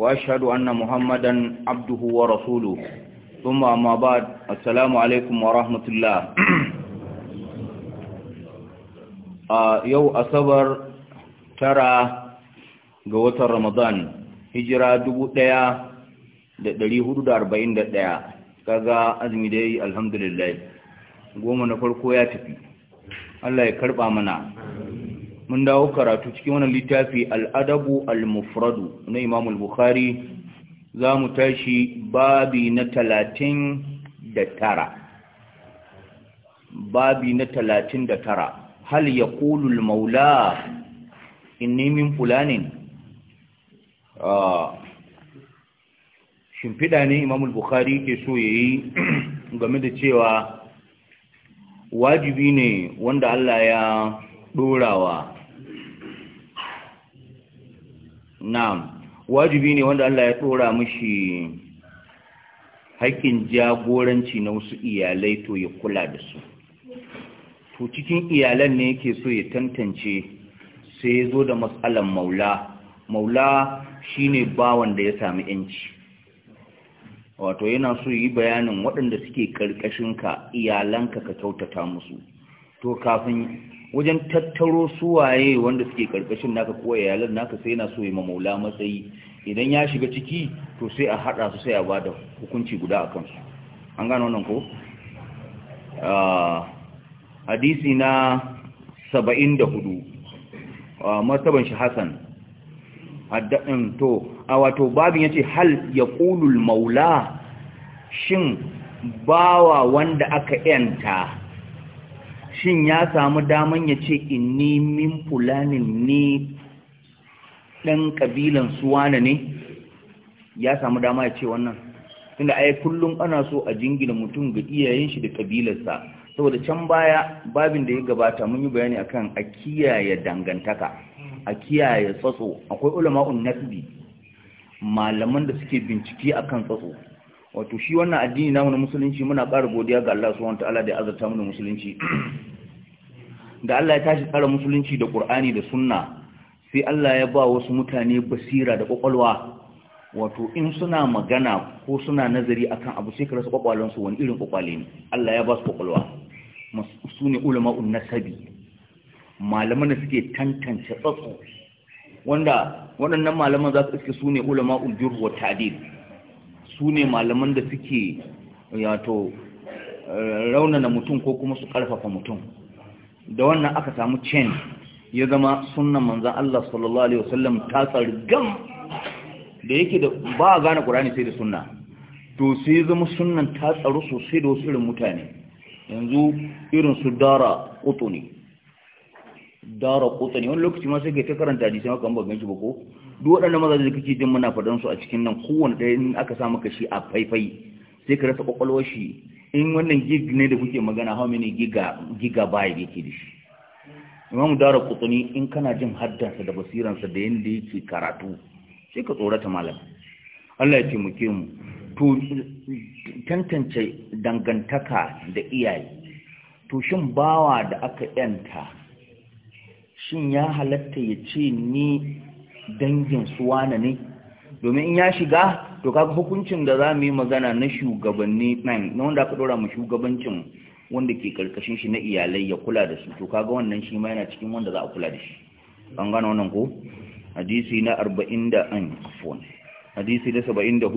وأشهد أن محمدا عبده ورسوله ثم أما بعد السلام عليكم ورحمة A yau asabar tara ga watan ramadan hijira ɗaya, kaga azumi dai alhamdulillah goma na farko ya tafi Allah ya karɓa mana mun dawo karatu cikin wannan littafi al'adabu al-mufradu na imam al-bukhari za mu tashi babi na talatin da tara babi na talatin da tara hal ya kulul maula in nemin fulanin ah, shimfiɗa ne imam al-bukhari ke so ya yi game da cewa wajibi ne wanda Allah ya ɗorawa na'am wajibi ne wanda Allah ya tsora mishi haƙƙin jagoranci na wasu iyalai to ya kula da su to cikin iyalan ne yake so ya tantance sai ya zo da matsalan maula maula shine bawan da ya sami yanci wato yana so yi bayanin waɗanda suke ƙarƙashinka iyalanka ka kyautata musu to kafin wajen tattaro suwaye wanda suke karkashin naka ko yalan naka sai yana so ya maula matsayi idan ya shiga ciki to sai a hada su sai a bada hukunci guda a su an gano wannan ko ah, hadisi na 74 ah, martaban shi Hassan haddan um, to a wato babin yace hal yaqulul maula shin bawa wanda aka yanta shin ya samu daman ya ce inni min fulanin ni ɗan ƙabilan suwana ne ya samu dama ya ce wannan tunda ai kullum ana so a jingina mutum ga iyayen shi da ƙabilarsa saboda can baya babin da ya gabata mun yi bayani akan a kiyaye dangantaka a kiyaye tsatso akwai ulama'un nasbi malaman da suke bincike akan tsatso wato shi wannan addini namu na musulunci muna ƙara godiya ga Allah subhanahu wataala da ya azurta mu da musulunci da Allah ya tashi tsara musulunci da Qur'ani da Sunna sai Allah ya ba wasu mutane basira da kwakwalwa wato in suna magana ko suna nazari akan abu sai ka rasa kwakwalansu wani irin kwakwale ne Allah ya ba su kwakwalwa su ne ulama'un nasabi malaman da suke tantance tsatsu wanda waɗannan malaman za su iske su ne ulama'un wa ta'dil su ne malaman da suke yato raunana mutum ko kuma su karfafa mutum da wannan aka samu chain ya zama sunnan manzan Allah sallallahu alaihi wasallam ta gam da yake da ba a gane Qur'ani sai da sunna to sai zama sunnan ta tsaru sosai da wasu irin mutane yanzu irin su dara qutuni dara qutuni wani lokaci ma sai ka ta karanta hadisi ma kan ba ganci ba ko duk waɗanda mazaje da kake jin muna su a cikin nan kowane ɗaya in aka sa maka shi a faifai sai ka rasa kwakwalwar shi in wannan gig ne da kuke magana how many giga da yake da shi imamu dara kutuni in kana jin haddansa da basiransa da yadda yake karatu sai ka tsorata malam Allah ya taimake mu to tantance dangantaka da iyaye to shin bawa da aka yanta shin ya halatta ya ce ni dangin suwana ne domin in ya shiga to kaga hukuncin da za mu yi magana na shugabanni na wanda aka ɗora mu shugabancin wanda ke karkashin shi na iyalai ya kula da su to kaga wannan shi ma yana cikin wanda za a kula da shi an gano wannan ko hadisi na 40 da an fone hadisi na 74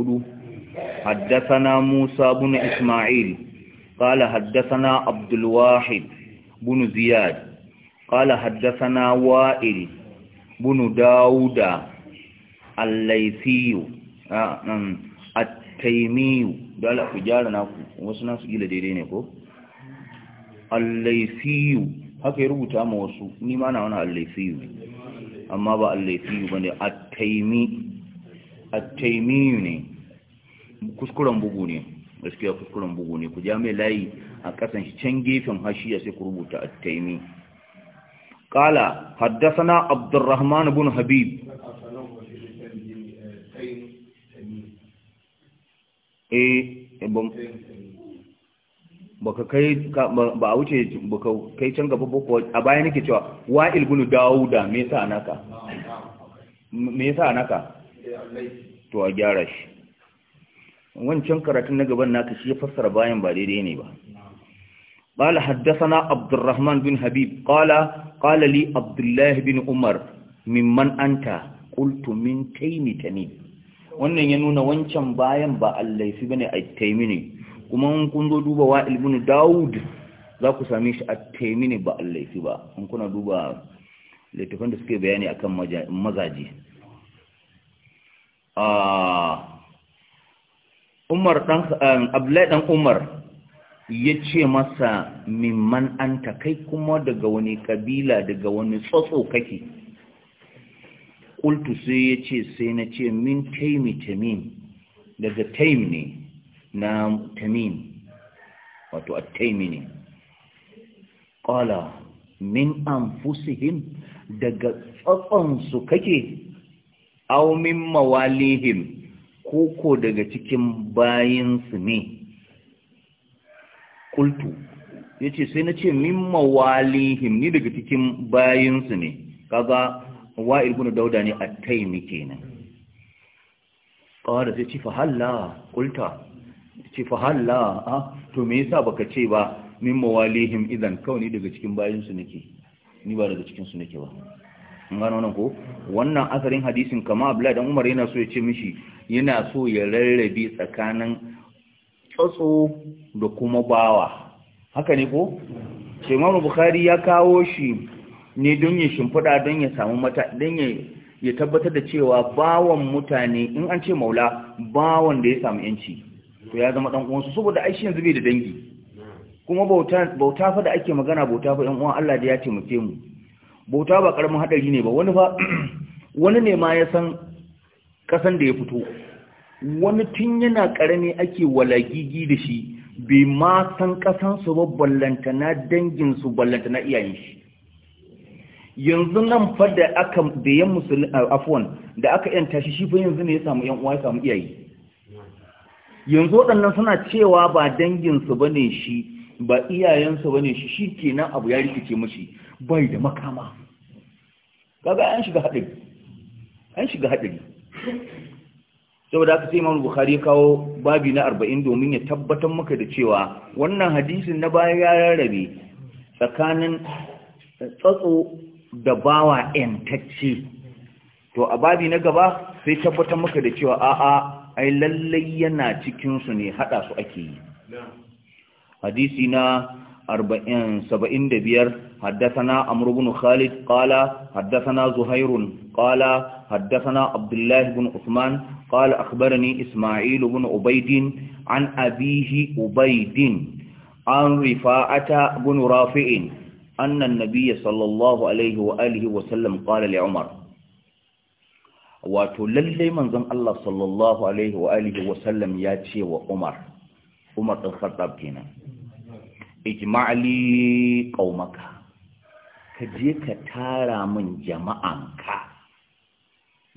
haddathana Musa ibn Isma'il qala haddathana Abdul Wahid ibn Ziyad qala haddathana Wa'il bunu dauda allaisiyu attaimiyu dala ku gyara naku wasu nasu gila daidai ne ko allaisiyu haka ya rubuta ma wasu ni ma na wani allaisiyu amma ba allaisiyu ba ne a taimiyu ne kuskuren bugu ne gaskiya kuskuren bugu ne ku ja mai layi a kasan shi can gefen hashiya sai ku rubuta a taimiyu. قال حدثنا عبد الرحمن بن حبيب baka kai ba a wuce baka kai can gaba boko a baya nake cewa wa'il bin dauda me yasa naka me yasa naka to a gyara shi wancan karatun na gaban naka shi ya fassara bayan ba daidai ne ba قال حدثنا عبد الرحمن بن حبيب qala li abdullah bin umar mimman anta qultu min taymi tamim wannan ya nuna wancan bayan ba allaifi bane a taymi ne kuma kun zo duba wa ilmin daud za ku same shi a taymi ne ba allaifi ba in kuna duba littafin da suke bayani akan mazaji ah, umar dan eh, abdullahi dan umar ya ce masa mimman anta kai kuma daga wani kabila daga wani tsotso kake ƙultu sai ya ce sai na ce min taimi tamim daga taim ne na tamim wato a taimi ne ƙwala min an daga tsotsonsu kake au min mawalihim koko daga cikin su ne kultu ya ce sai na ce min mawalihim ni daga cikin bayinsu ne kaza wa bin dauda ne a taimi kenan kawai da sai ce fahalla kulta ce halla a to me yasa baka ce ba min mawalihim idan kawai ni daga cikin bayinsu nake ni ba daga cikin su nake ba an gano nan ko wannan asarin hadisin kama abdullahi dan umar yana so ya ce mishi yana so ya rarrabe tsakanin tsotso da kuma bawa haka ne ko Imam Bukhari ya kawo shi ne don ya shimfiɗa don ya samu mata don ya tabbatar da cewa bawan mutane in an ce maula bawan da ya samu yanci to ya zama dan uwansu saboda ai yanzu bai da dangi kuma bauta fa da ake magana bauta fa ɗan uwan Allah da ya taimake mu bauta ba karamin hadari ne ba wani fa wani ne ma ya san kasan da ya fito wani tun yana ƙarami ake walagigi da shi bai ma san ƙasansu ba na danginsu na iyayen shi yanzu nan fa da aka da yan musulun afwan da aka yanta shi shi fa yanzu ne ya samu yan uwa ya samu iyaye yanzu waɗannan suna cewa ba danginsu ba ne shi ba iyayensu ba ne shi shi kenan abu ya rikice mashi bai da makama kaga an shiga haɗari an shiga haɗari saboda aka sai imam bukhari kawo babi na arba'in domin ya tabbatar maka da cewa wannan hadisin na baya ya rarrabe tsakanin tsatso da bawa yantacce to a babi na gaba sai tabbatar maka da cewa a'a ai lallai yana cikin su ne hada su ake yi hadisi na 75 haddathana biyar Haddasana khalid qala ƙala zuhairun Zuhairun, ƙala abdullah Abdullahi usman Usman. قال أخبرني إسماعيل بن عبيد عن أبيه عبيد عن رفاعة بن رافع أن النبي صلى الله عليه وآله وسلم قال لعمر وتللي من ذن الله صلى الله عليه وآله وسلم ياتي وعمر عمر الخطاب كنا اجمع لي قومك كجيك تارى من جماعنك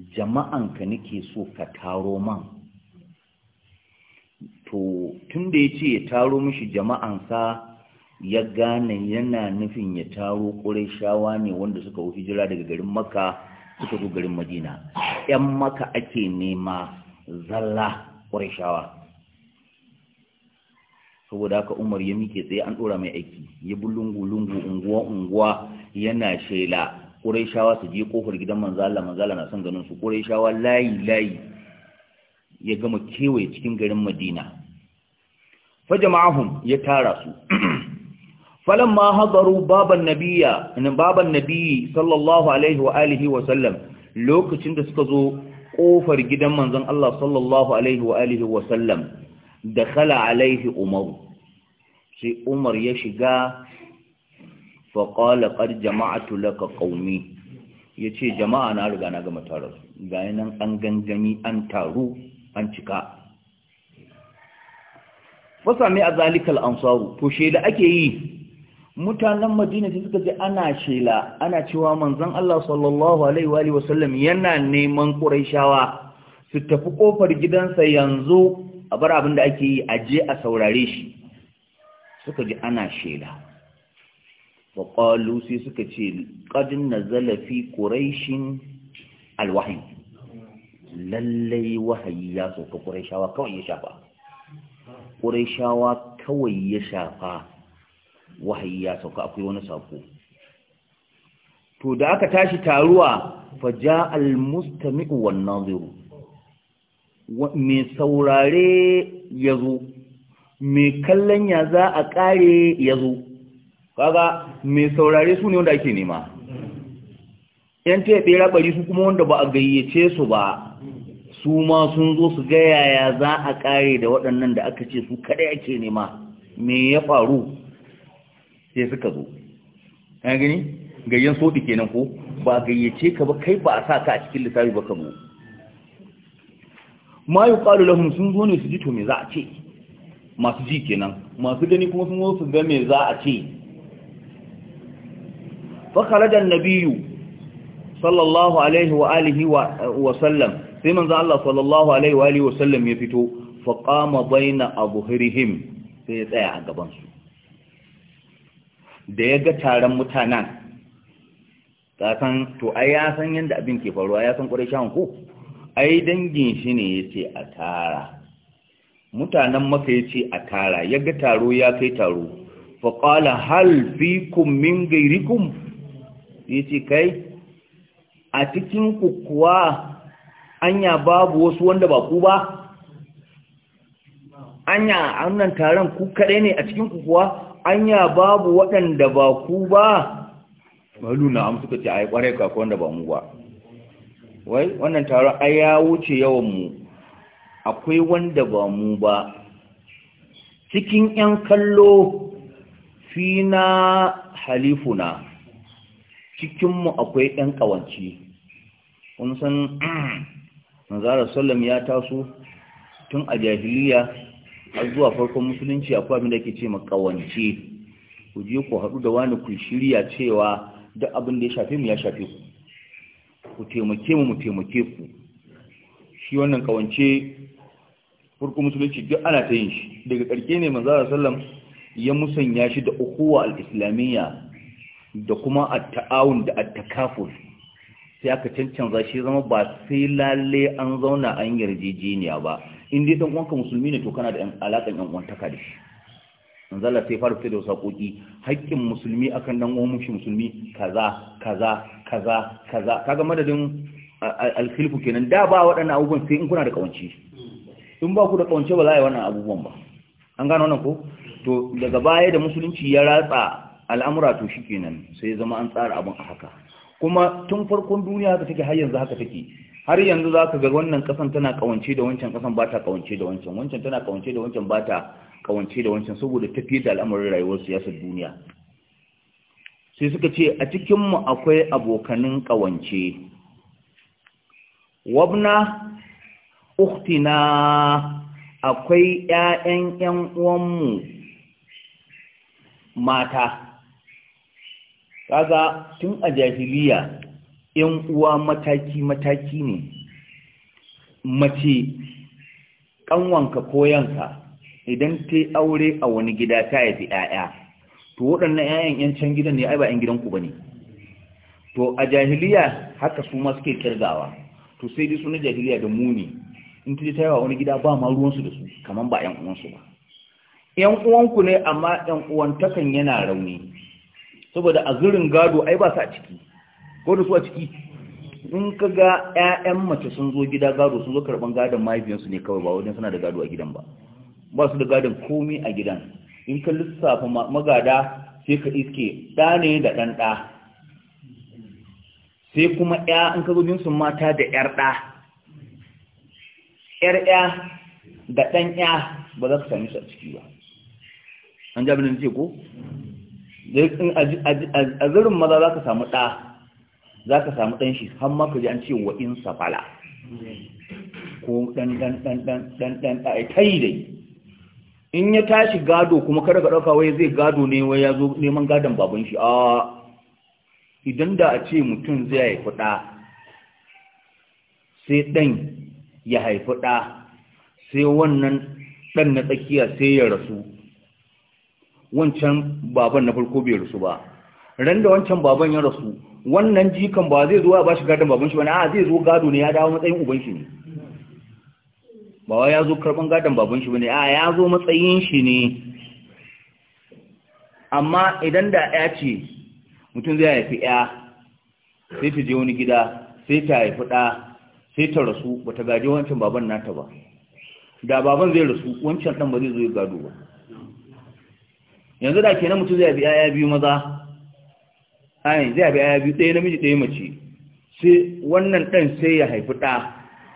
jama'anka nake so ka taro man to tun da ya ce ya taro mishi jama'ansa ya gane yana nufin ya taro shawa ne wanda suka wuce jira daga garin maka suka zo garin madina ‘yan maka ake nema zalla shawa. saboda haka umar ya mike tsaye an ɗora mai aiki ya bi lungu-lungu unguwa-unguwa yana shela ƙurayshawa su je kofar gidan manzala manzala na son ganin su ƙurayshawa layi layi ya gama kewaye cikin garin madina fajama'ahum ya tara su falamma hadaru baban nabiyya in baban nabiyyi sallallahu alaihi wa alihi wa sallam lokacin da suka zo kofar gidan manzon Allah sallallahu alaihi wa alihi wa sallam da dakhala alaihi umar sai umar ya shiga faƙala ƙar jama'atu laka ƙaumi ya ce jama'a na riga na gama tarar ga nan an gangani an taru an cika fasa mai a zalikal ansaru to da ake yi mutanen madina ta suka ce ana shela ana cewa manzan Allah sallallahu alaihi yana neman quraishawa su tafi ƙofar gidansa yanzu a bar abin da ake yi a je a saurare shi suka ji ana shela faƙalu sai suka ce ƙadin na zalafi ƙuraishin alwahi lallai wahayi ya sauka ƙuraishawa kawai ya shafa ƙuraishawa kawai ya shafa wahayi ya sauka akwai wani sako to da aka tashi taruwa faja almustami'u wan naziru mai saurare ya zo mai kallon ya za a ƙare ya zo kaga mai saurare su ne wanda ake nema yan teɓe bera bari su kuma wanda ba a gayyace su ba su ma sun zo su ga yaya za a kare da waɗannan da aka ce su kadai ake nema me ya faru sai suka zo ya gani gayyan soɗi kenan ko ba gayyace ka ba kai ba a sa ka a cikin lissafi ba ka zo ma yi lahun sun zo ne su ji to me za a ce masu ji kenan masu gani kuma sun zo su ga me za a ce فخرج النبي صلى الله عليه واله وسلم في من ذا الله صلى الله عليه واله وسلم يفتو فقام بين أظهرهم sai ya tsaya a gabansu da ya ga taron mutanen to ai ya san yadda abin ke faruwa ya san ƙwarai shan ko ai dangin shi ne ya ce a tara mutanen maka ya ce a tara ya ga taro ya kai taro qala hal fiikum min ghayrikum yace ce kai a cikin ku kuwa anya babu wasu wanda ba ku ba anya annan taron ku kadai ne a cikin ku kuwa anya babu waɗanda ba ku ba malu na amsu kace ce ai kware ka wanda ba mu ba wai wannan taron ai ya wuce yawan mu akwai wanda ba mu ba cikin 'yan kallo fina halifuna cikinmu akwai ɗan ƙawance kun san manzara sallam ya taso tun a jahiliya har zuwa farkon musulunci akwai abin da ke ce makawance ku je ku haɗu da wani ku shirya cewa duk abin da ya shafe mu ya shafe ku ku taimake mu mu taimake ku shi wannan kawance farkon musulunci duk ana ta yin shi daga ƙarke ne manzara sallam ya musanya shi da ukuwa al-islamiyya da kuma atta'awun da attakafur sai aka cancanza shi zama ba sai lalle an zauna an yarjejeniya ba inda ya dan musulmi ne to kana da alakan yan uwantaka da shi zala sai fara fito da sakoki haƙƙin musulmi akan dan uwan musulmi kaza kaza kaza kaza kaga madadin alkhilfu kenan da ba waɗannan abubuwan sai in kuna da ƙawance. in ba ku da ƙawance ba za a yi wannan abubuwan ba an gano wannan ko to daga baya da musulunci ya ratsa al'amura to shi kenan sai zama an tsara abin a haka kuma tun farkon duniya haka take har yanzu haka take har yanzu za ka ga wannan kasan tana kawance da wancan kasan ba ta kawance da wancan wancan tana kawance da wancan ba ta kawance da wancan saboda tafiye da al'amarin rayuwar siyasar duniya sai suka ce a cikinmu akwai abokanin kawance wabna uktina akwai 'ya'yan 'yan'uwanmu uwanmu mata kaga tun a jahiliya yan uwa mataki mataki ne mace kanwanka ko yanka idan ta aure a wani gida ta yafi 'ya'ya to waɗannan 'ya'yan 'yan can gidan ne ai ba 'yan gidanku ba ne to a jahiliya haka su ma suke kirgawa to sai dai suna jahiliya da muni in ta je ta yawa wani gida ba ma ruwansu da su kamar ba 'yan uwansu ba 'yan uwanku ne amma 'yan takan yana rauni saboda a zurin gado ai ba su a ciki ko da su a ciki in ka ga 'ya'yan mace sun zo gida gado sun zo karɓan gadon mahaifiyarsu ne kawai ba wajen suna da gado a gidan ba ba su da gadon komai a gidan in ka lissafa magada sai ka iske ɗa ne da ɗan ɗa sai kuma 'ya in ka zo jinsin mata da ‘yar ɗa ‘yar 'ya da ɗan 'ya, ba za ka sami su a ciki ba an jami'in ce ko a zirin maza za ka samu ɗa za ka samu ɗan shi har maka ji an ce wa in safala ko ɗan ɗan ɗan ɗan ɗan ɗan ɗan ta yi dai in ya tashi gado kuma kada ka ɗauka wai zai gado ne wai ya zo neman gadon baban shi a idan da a ce mutum zai haifi ɗa sai ɗan ya haifi ɗa sai wannan ɗan na tsakiya sai ya rasu wancan baban na farko bai rasu ba ran da wancan baban ya rasu wannan jikan ba zai zo ya bashi gadon baban shi ba a zai zo gado ne ya dawo matsayin uban shi ne ba ya zo karban gadon baban shi bane a ya zo matsayin shi ne amma idan da ya ce mutum zai haifi ya sai ta je wani gida sai ta haifi da sai ta rasu ba ta gaje wancan baban nata ba da baban zai rasu wancan dan ba zai zo ya gado ba yanzu da kenan mutu zai bi yaya biyu maza ai zai bi yaya biyu ɗaya namiji ɗaya mace sai wannan ɗan sai ya haifi ɗa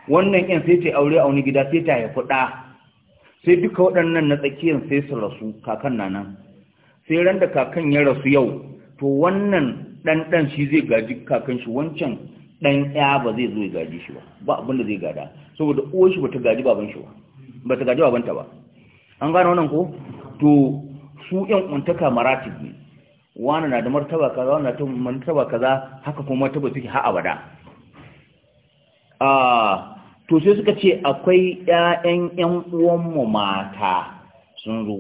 wannan ƴan sai ta aure a wani gida sai ta haifi ɗa sai duka waɗannan na tsakiyar sai su rasu kakan na nan sai ran da kakan ya rasu yau to wannan ɗan ɗan shi zai gaji kakan shi wancan ɗan ya ba zai zo ya gaji shi ba ba abin da zai gada saboda uwar shi bata gaji baban shi ba bata gaji babanta ba an gane wannan ko to su yan untaka maratib ne wani na da martaba kaza wani na da martaba kaza haka kuma martaba suke ha abada ah to sai suka ce akwai ƴaƴan ƴan uwanmu mata sun zo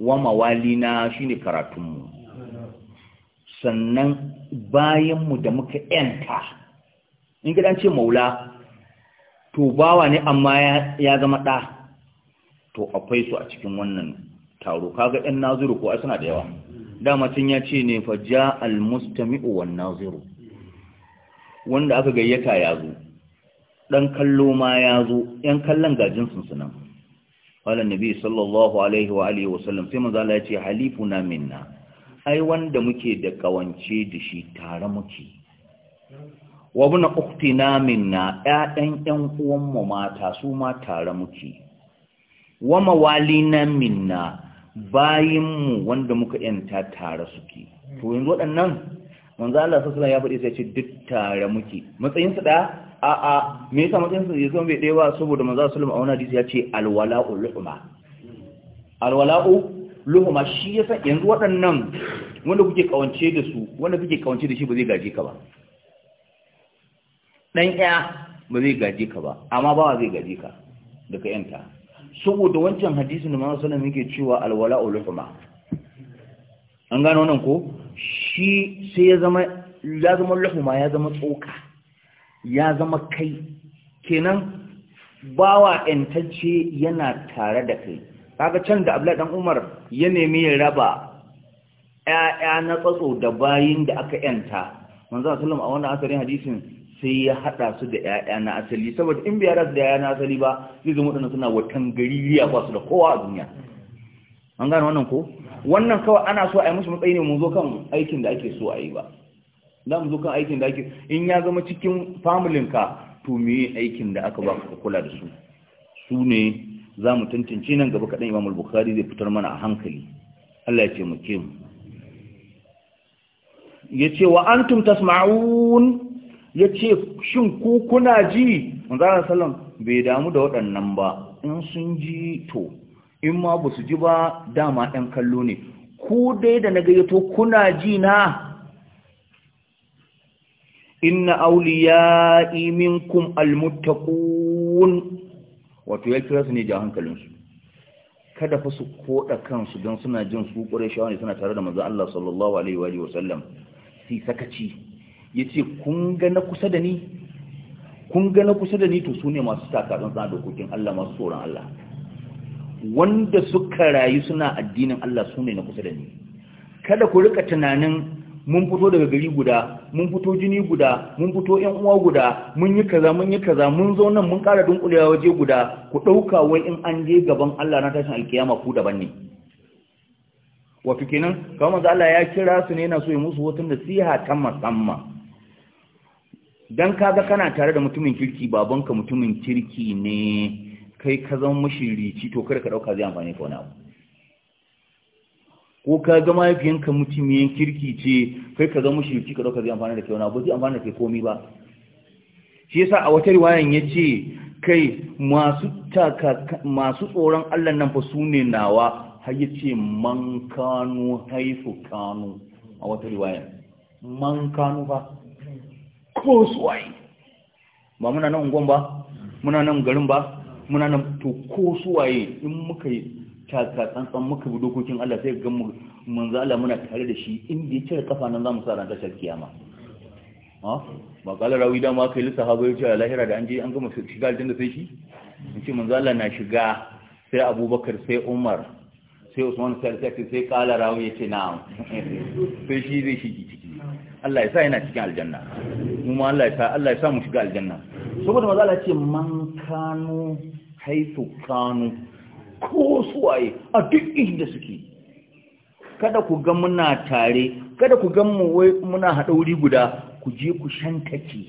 wa mawalina shine karatunmu sannan bayanmu da muka ƴanta in gidan ce maula to bawa ne amma ya zama ɗa to akwai su a cikin wannan taro kaga ɗan naziru ko ai suna da yawa dama tun ya ce ne fa ja almustami'u wan naziru wanda aka gayyata ya zo Ɗan kallo ma ya zo yan kallon gajin sunsunan wala nabi sallallahu alaihi wa alihi wa sallam sai manzo Allah ya ce halifuna minna ai wanda muke da kawance da shi tare muke wa buna uktina minna yan ƴan uwanmu mata su ma tare muke wa mawalina minna bayinmu wanda muka yanta tare suke to yanzu waɗannan manzo Allah sallallahu alaihi ya faɗi sai ce duk tare muke matsayin su da a a me yasa matsayin su yazo bai daiwa saboda manzo sallallahu alaihi a wannan hadisi ya ce alwala'u luhma alwala'u luhma shi yasa yanzu waɗannan wanda kuke kawance da su wanda kuke kawance da shi ba zai gaje ka ba dan iya ba zai gaje ka ba amma bawa zai gaje ka daga yanta saboda wancan hadisin da Muhammad sanar muke yake cewa alwala ulfuma an gano nan ko shi sai ya zama ya zama luhuma ya zama tsoka ya zama kai kenan bawa ƴantacce yana tare da kai kaga can da Abdullahi dan Umar ya nemi ya raba ƴaƴa na tsatso da bayin da aka yanta manzo sallallahu alaihi a wannan asarin hadisin sai ya haɗa su da ‘ya'ya na asali saboda in bai haɗa da ‘ya'ya na asali ba zai zama waɗanda suna watan gariya ba su da kowa a duniya an gane wannan ko wannan kawai ana so a yi mashi matsayi ne mu zo kan aikin da ake so a yi ba za mu zo kan aikin da ake in ya zama cikin familinka to me aikin da aka ba ka kula da su su ne za mu tantance nan gaba kaɗan imamul bukhari zai fitar mana a hankali allah ya ce mu ke mu ya ce wa antum tasma'un ya ce shin ku kuna ji manzana Salam bai damu da waɗannan ba in sun ji to in ma ba su ji ba dama ɗan kallo ne ku dai da na gayyato kuna ji na inna auli minkum almuttaqun wato ya kira su ne ja hankalinsu kada fa su koda kansu don suna jin su ƙure shawani suna tare da manzo Allah sallallahu alaihi wa sallam si sakaci ya ce kun ga na kusa da ni kun ga kusa da ni to su ne masu takatsan zana dokokin Allah masu tsoron Allah wanda suka rayu suna addinin Allah su ne na kusa da ni kada ku rika tunanin mun fito daga gari guda mun fito jini guda mun fito yan uwa guda mun yi kaza mun yi kaza mun zo nan mun ƙara dunkulewa waje guda ku ɗauka wai in an je gaban Allah na tashin alkiyama ku daban ne wato kenan kawai manzo Allah ya kira su ne yana so ya musu da nasiha ta musamman dan kaga kana tare da mutumin kirki babanka mutumin kirki ne kai ka zama mashirici to kada ka dauka zai amfane ka wani abu ko ka ga mahaifiyanka mutumin kirki ce kai ka zama mashirici ka dauka zai amfane da kai wani abu zai amfane da kai komai ba shi yasa a wata riwayan yace kai masu taka masu tsoron Allah nan fa sune nawa har yace man kanu haifu kanu a wata riwaya man kanu ba. ko su waye ba muna nan ungon ba muna nan garin ba muna nan to ko su waye in muka yi taka tsantsan muka bi dokokin Allah sai ga mun zala muna tare da shi inda ya cire kafa nan zamu sa ran tashar kiyama ha ba kala rawi da ma kai lissa ha bai ce lahira da an je an gama shiga aljanna sai shi in ce mun zala na shiga sai Abubakar sai Umar sai Usman sai sai sai kala rawi yace na'am sai shi zai shigi Allah ya sa yana cikin aljanna kuma Allah ya sa Allah ya sa mu shiga aljanna saboda maza Allah ce man kanu haitu kanu ko suwaye a duk inda suke kada ku ga muna tare kada ku ga mu wai muna haɗa wuri guda ku je ku shankace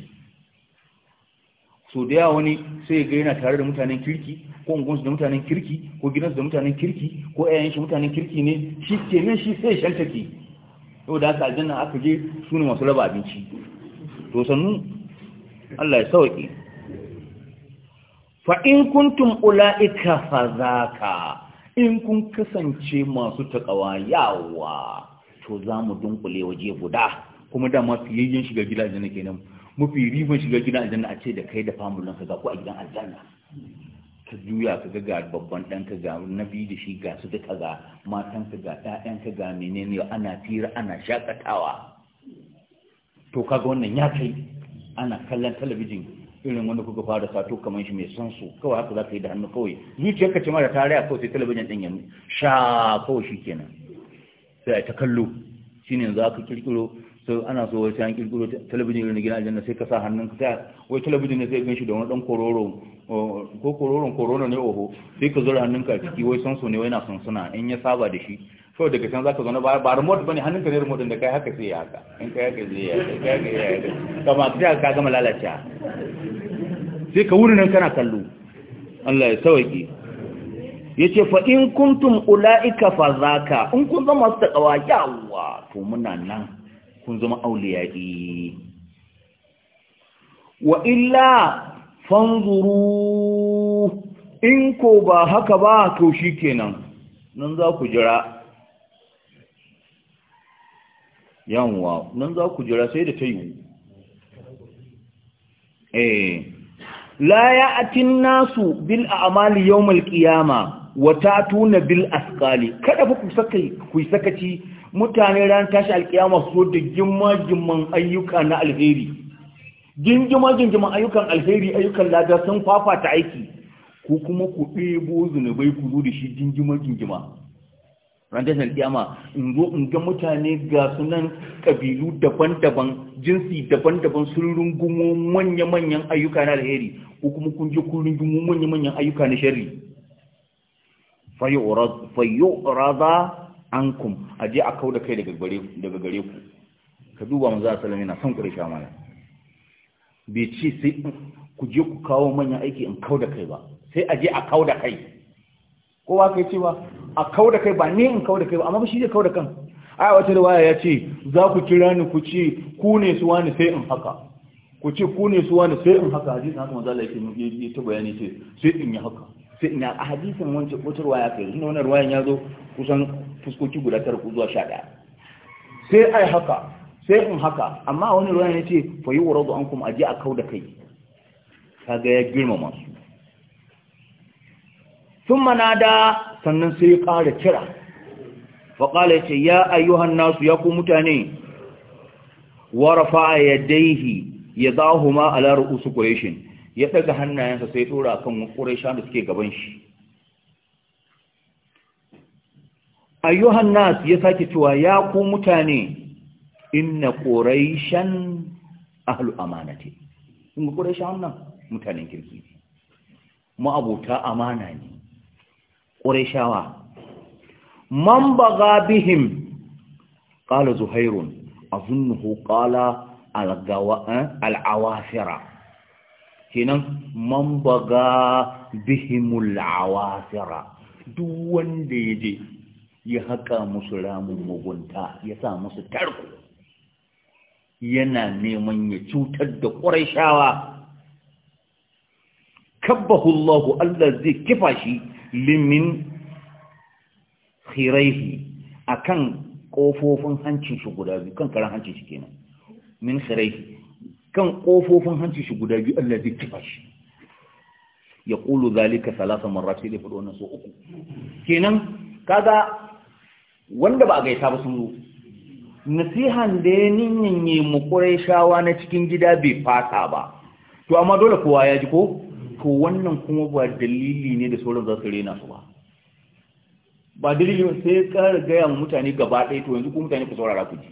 so da yawa wani sai ga yana tare da mutanen kirki ko ungunsu da mutanen kirki ko gidansu da mutanen kirki ko ayyanshi mutanen kirki ne shi ke nan shi sai shantake yau da haka aljanna aka je su ne masu raba abinci to sannu Allah ya sauƙi fa in kuntum ula'ika fa zaka in kun kasance masu taƙawa yawa to za mu dunkule waje guda kuma da mafi yayyen shiga gida aljanna kenan mafi riban shiga gida aljanna a ce da kai da famulanka ga ku a gidan aljanna ka juya ka ga babban ɗanka ga na biyu da shi ga su duka ga ka ga ka ga menene ana tira ana shakatawa to kaga wannan ya kai ana kallon talabijin irin wanda kuka fara sato kamar shi mai son su kawai haka za ka yi da hannu kawai zuciyar ka ce mara tarayya kawai sai talabijin ɗin ya sha kawai shi kenan sai a ta kallo shi ne za ka kirkiro sai ana so wai sai an kirkiro talabijin irin na aljanna sai ka sa hannun ka wai talabijin ne sai gan shi da wani dan kororo ko kororon korona ne oho sai ka zura hannunka a ciki wai sanso ne wai na sansuna in ya saba da shi sau daga can za ka zaune ba remote ba ne hannunka ne remote da kai haka sai ya haka in kai haka zai ya haka ya haka kama sai haka gama lalacewa sai ka wuri nan kana kallo Allah ya sauke ya ce fa in kuntum ula'ika fa zaka in kun zama su taƙawa yawa to muna nan kun zama auliyaɗi wa illa fanzuru in ko ba haka ba to shi kenan nan za ku jira yanwa nan za ku jira sai da ta yi eh la ya'tin nasu bil a'mali yawm al-qiyama wa tatuna bil asqali kada fa ku saka ku sakaci mutane ran tashi alkiyama su da gimma gimman ayyuka na alheri gingima gingima ayyukan alheri ayyukan lada sun fafa ta aiki ko kuma ku ɗebo zunubai ku zo da shi gingima gingima ran tashin kiyama in zo in ga mutane ga sunan ƙabilu daban-daban jinsi daban-daban sun rungumo manya-manyan ayyuka na alheri ko kuma kun je kun rungumo manya-manyan ayyuka na sharri fayyurada a je a da kai daga gare ku ka duba mu za a salami na son kurisha mana bai ce sai ku je ku kawo manyan aiki in kau da kai ba sai a je a kau da kai kowa kai cewa a kau da kai ba ne in kau da kai ba amma shi zai kau da kan a wata riwaya ya ce za ku kira ni ku ce ku ne su wani sai in haka ku ce ku ne su wani sai in haka hadisin haka manzo laifin ya ta bayani ce sai in yi haka sai in a hadisin wance wata riwaya kai zuwa wannan riwayan ya zo kusan fuskoki guda tara ku zuwa daya sai ai haka sai in haka amma wani ruwan ya ce fa yi waradu an kuma aji a kau da kai kaga ya girmama su sun manada sannan sai ya ƙara kira faƙala ya ce ya ayyuhan nasu ya ku mutane warafa ya daihi ya zahu ma a larar usu ƙureshin ya ɗaga hannayensa sai ɗora kan ƙureshin da suke gaban shi ayyuhan nasu ya sake cewa ya ku mutane inna quraishan ahlu amanati in quraisha wannan mutanen kirki mu abuta amana ne quraishawa man baga bihim qala zuhairun azunnuhu qala al eh, al'awafira kenan man baga bihimul awafira duk wanda yaje ya haƙa musu ramun mugunta ya sa musu tarko yana neman ya cutar da ƙwarashawa kabbahu Allah Allah zai kifa shi limin khiraihi kan kofofin hancin shi guda biyu kan karan hancin shi kenan min khiraihi kan ƙofofin hancin shi guda biyu Allah zai kifa shi ya ƙulu zalika salasa marrat sai da faɗo na so uku kenan kaga wanda ba a gaisa ba sun zo nasihan da ya ninyanye mu shawa na cikin gida bai fasa ba to amma dole kowa ya ji ko to wannan kuma ba dalili ne da sauran za su rena su ba ba dalili ne sai ka gaya mutane gaba ɗaya to yanzu ku mutane ku saurara ku ji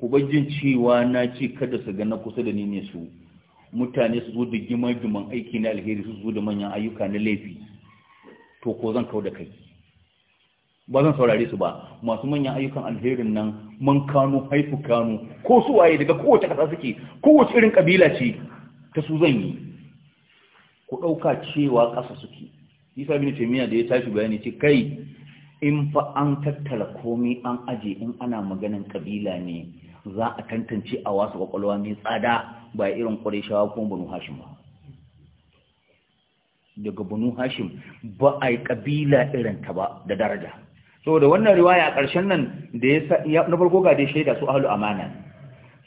ku bajin cewa na ce kada su ga na kusa da ni ne su mutane su zo da gima-giman aiki na alheri su zo da manyan ayyuka na laifi to ko zan kau da kai ba zan saurare su ba masu manyan ayyukan alherin nan man kano haifu kano ko su waye daga kowace ƙasa suke kowace irin kabila ce ta su zan yi ku ɗauka cewa ƙasa suke isa bin taimiyya da ya tashi bayani ce kai in fa an tattara komi an aje in ana maganin kabila ne za a tantance a wasu ƙwaƙwalwa mai tsada ba irin ƙwarishawa ko banu hashim ba daga banu hashim ba a yi kabila irin ta ba da daraja saboda wannan riwaya a ƙarshen nan da ya na farko ga dai shaida su ahlu amana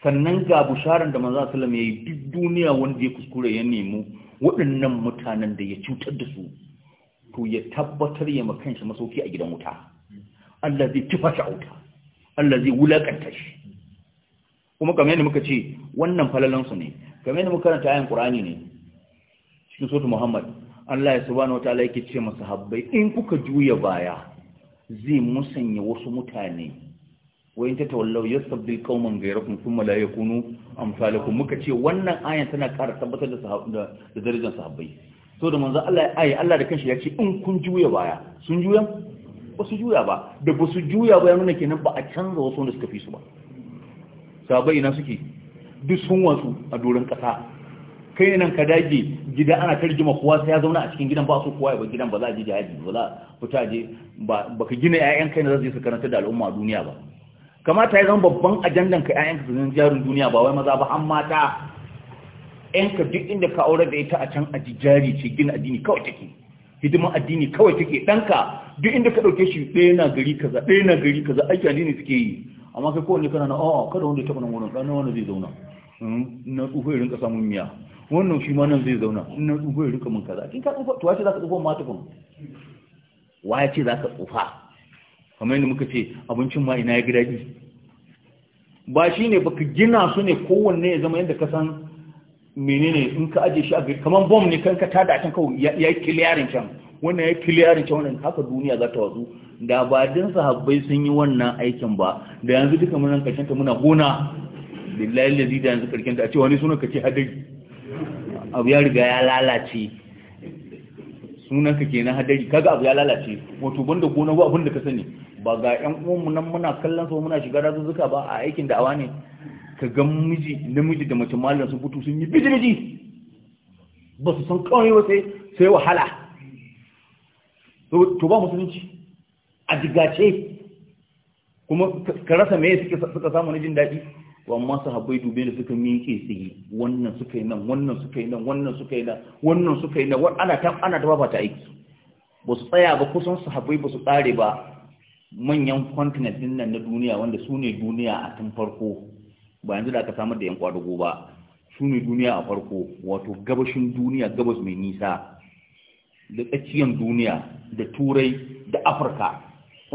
sannan ga busharan da manzo ya yi duk duniya wanda ya kuskure ya nemi waɗannan mutanen da ya cutar da su to ya tabbatar ya makan shi masauki a gidan wuta Allah zai tufa shi a Allah zai wulakanta shi kuma kamar yadda muka ce wannan falalan su ne kamar yadda muka karanta ayan Qur'ani ne cikin sura Muhammad Allah ya subhanahu wataala yake ce masa habbai in kuka juya baya zai musanya wasu mutane Wai in tatawallau yastabdil qauman ghayrakum thumma la yakunu amsalakum muka ce wannan ayan tana ƙara tabbatar da da darajar sahabbai so da manzo Allah ayi Allah da kanshi ya ce in kun juya baya sun juya ba su juya ba da ba su juya ba ya nuna kenan ba a canza wasu wanda suka fi su ba sahabbai ina suke duk sun wasu a doron kasa kai nan ka dage gida ana tarjuma kowa sai ya zauna a cikin gidan ba su kowa ya gidan ba za a je jihadi ba za a fita je ba ka gina ƴaƴan kai na za su yi su karanta da al'umma duniya ba kamata ya zama babban ajandan ka ƴaƴan ka su zan jarin duniya ba wai maza ba an mata ƴan ka duk inda ka aure da ita a can a jari ce gina addini kawai take hidiman addini kawai take ɗanka duk inda ka ɗauke shi ɗaya na gari kaza ɗaya na gari kaza aiki addini suke yi amma kai kowanne kana na kada wanda ya taɓa nan wurin ɗan wanda zai zauna na tsufa rinka samun miya wannan shi ma nan zai zauna na tsufa rinka mun kaza kin ka tsufa to wace zaka tsufa ma tukun waye ce zaka tsufa kamar yadda muka ce abincin ma ina ya gida ji ba shi ne baka gina su ne kowanne ya zama yadda ka san menene in ka aje shi a gari kamar bom ne kan ka tada can kawai ya yi kiliyarin can wannan ya yi kiliyarin can wannan haka duniya za ta wazu da ba din sahabbai sun yi wannan aikin ba da yanzu duka mun rankashin ta muna gona lillahi lazi da yanzu karkinta a ce wani sunanka ka ce hadari abu ya riga ya lalace sunanka ka na hadari kaga abu ya lalace wato banda ko na ba abinda da ka sani ba ga ƴan uwanmu nan muna kallon su muna shiga zuka ba a aikin da'awa ne ka ga miji namiji da mace mallan sun fito sun yi bijiriji ba su san kawai ba sai sai wahala to ba musulunci a jigace kuma ka rasa me suka samu na jin daɗi to amma sahabbai dube da suka miƙe tsaye wannan suka yi nan wannan suka yi nan wannan suka yi nan wannan suka yi nan ana ta ana ta ba ta aiki ba su tsaya ba kusan sahabbai ba su tsare ba manyan continent din nan na duniya wanda su ne duniya a tun farko ba yanzu da aka samar da yan kwadugo ba su ne duniya a farko wato gabashin duniya gabas mai nisa da tsakiyar duniya da turai da afirka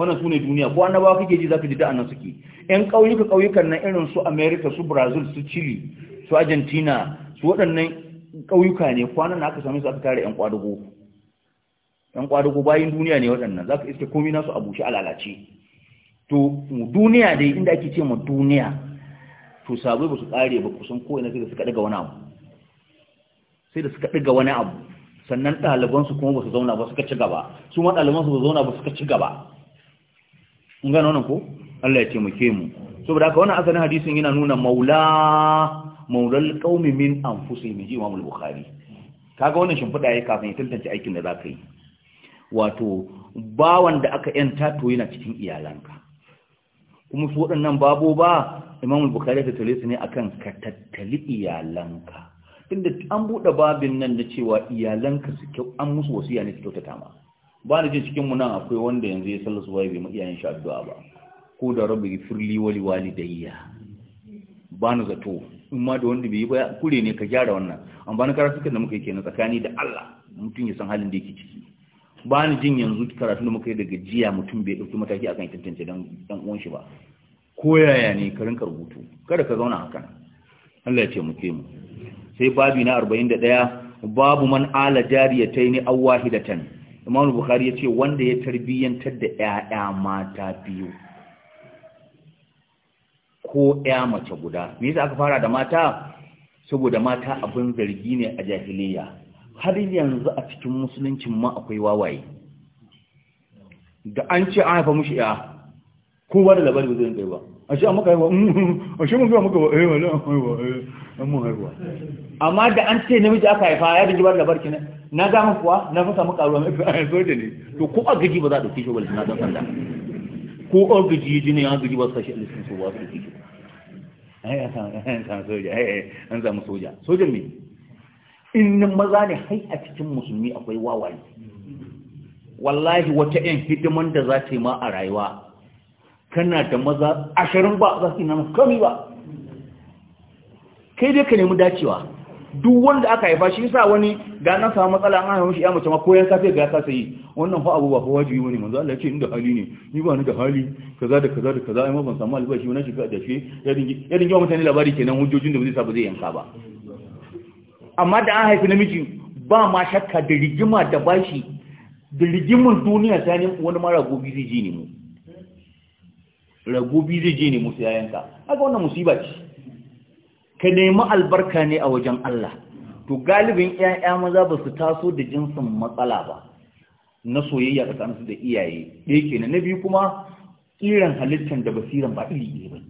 wannan sune duniya ko annabawa kake ji zaka ji da annan suke ƴan ƙauyuka ƙauyukan nan irin su America su Brazil su Chile su Argentina su waɗannan ƙauyuka ne kwanan na aka same su aka tare ƴan kwadugo ƴan kwadugo bayin duniya ne waɗannan zaka iske komai nasu a bushe alalace to duniya dai inda ake ce ma duniya to sabai ba su ƙare ba kusan ko ina sai da suka daga wani abu sai da suka daga wani abu sannan ɗalibansu kuma ba su zauna ba suka ci gaba su ma ɗalibansu ba su zauna ba suka ci gaba mun gano wannan ko Allah ya taimake mu saboda haka wannan asalin hadisin yana nuna maula maulal qaumi min anfusihim ji Imam al-Bukhari kaga wannan fada yake kafin ya tantance aikin da zaka yi wato bawan da aka yanta to yana cikin iyalanka kuma su waɗannan babo ba Imam al-Bukhari ta tare su ne akan ka tattali iyalanka tunda an bude babin nan da cewa iyalanka su kyau an musu wasiya ne su kyautata ma ba ni jin cikin mu nan akwai wanda yanzu ya sallar su bai mai iyayen shi ba ko da rabbi firli wali walidayya ba ni zato in ma da wanda bai yi ba kure ne ka gyara wannan an ba ni da muka yi kenan tsakani da Allah mutum ya san halin da yake ciki ba ni jin yanzu karatu da muka yi daga jiya mutum bai dauki mataki akan tantance dan dan uwan shi ba ko yaya ne ka rinka rubutu kada ka zauna hakan Allah ya ce mu mu sai babi na 41 babu man ala jariyataini aw wahidatan imam bukhari ya ce wanda ya tarbiyyantar da 'ya'ya mata biyu ko 'ya mace guda me yasa aka fara da mata saboda mata abin zargi ne a jahiliya har yanzu a cikin musuluncin ma akwai wawaye da an ce an haifa mushi ya kowa da labari ba zai ba ashe a maka haihuwa ashe mun a maka wa eh wala an haihuwa eh an mun haihuwa amma da an ce namiji aka haifa ya da ba da barki na ga mun kuwa na fasa maka ruwa a haifa da ne to ko a gaji ba za a dauke shi na don sanda ko a gaji ji ne ya gaji ba su kashe alisun su ba su dauke shi an samu soja eh, eh, soja sojan ne in maza ne hai a cikin musulmi akwai wawaye wallahi wata yan hidiman da za ta yi ma a rayuwa kana da maza ashirin ba za su yi namu kami ba kai dai ka nemi dacewa duk wanda aka haifa shi sa wani ga na samu matsala an haifa shi ya mace ma ya safe ga kasa yi wannan fa abubuwa fa wajibi wani manzo Allah ya ce inda hali ne ni ba ni da hali kaza da kaza da kaza ai ma ban samu albashi wani shi ga da shi ya dingi ya dingi mutane labari kenan hujjojin da ba zai sa ba zai yanka ba amma da an haifi namiji ba ma shakka da rigima da bashi da rigimin duniya ta ne wani mara gobe zai ji ne mu Ragobi zai je ne musu yayanka haka wannan musiba ce ka nemi albarka ne a wajen Allah to galibin ƴaƴa maza ba su taso da jinsin matsala ba na soyayya tsakaninsu da iyaye da kenan na biyu kuma tsiran halittar da basiran ba iri ɗaya ba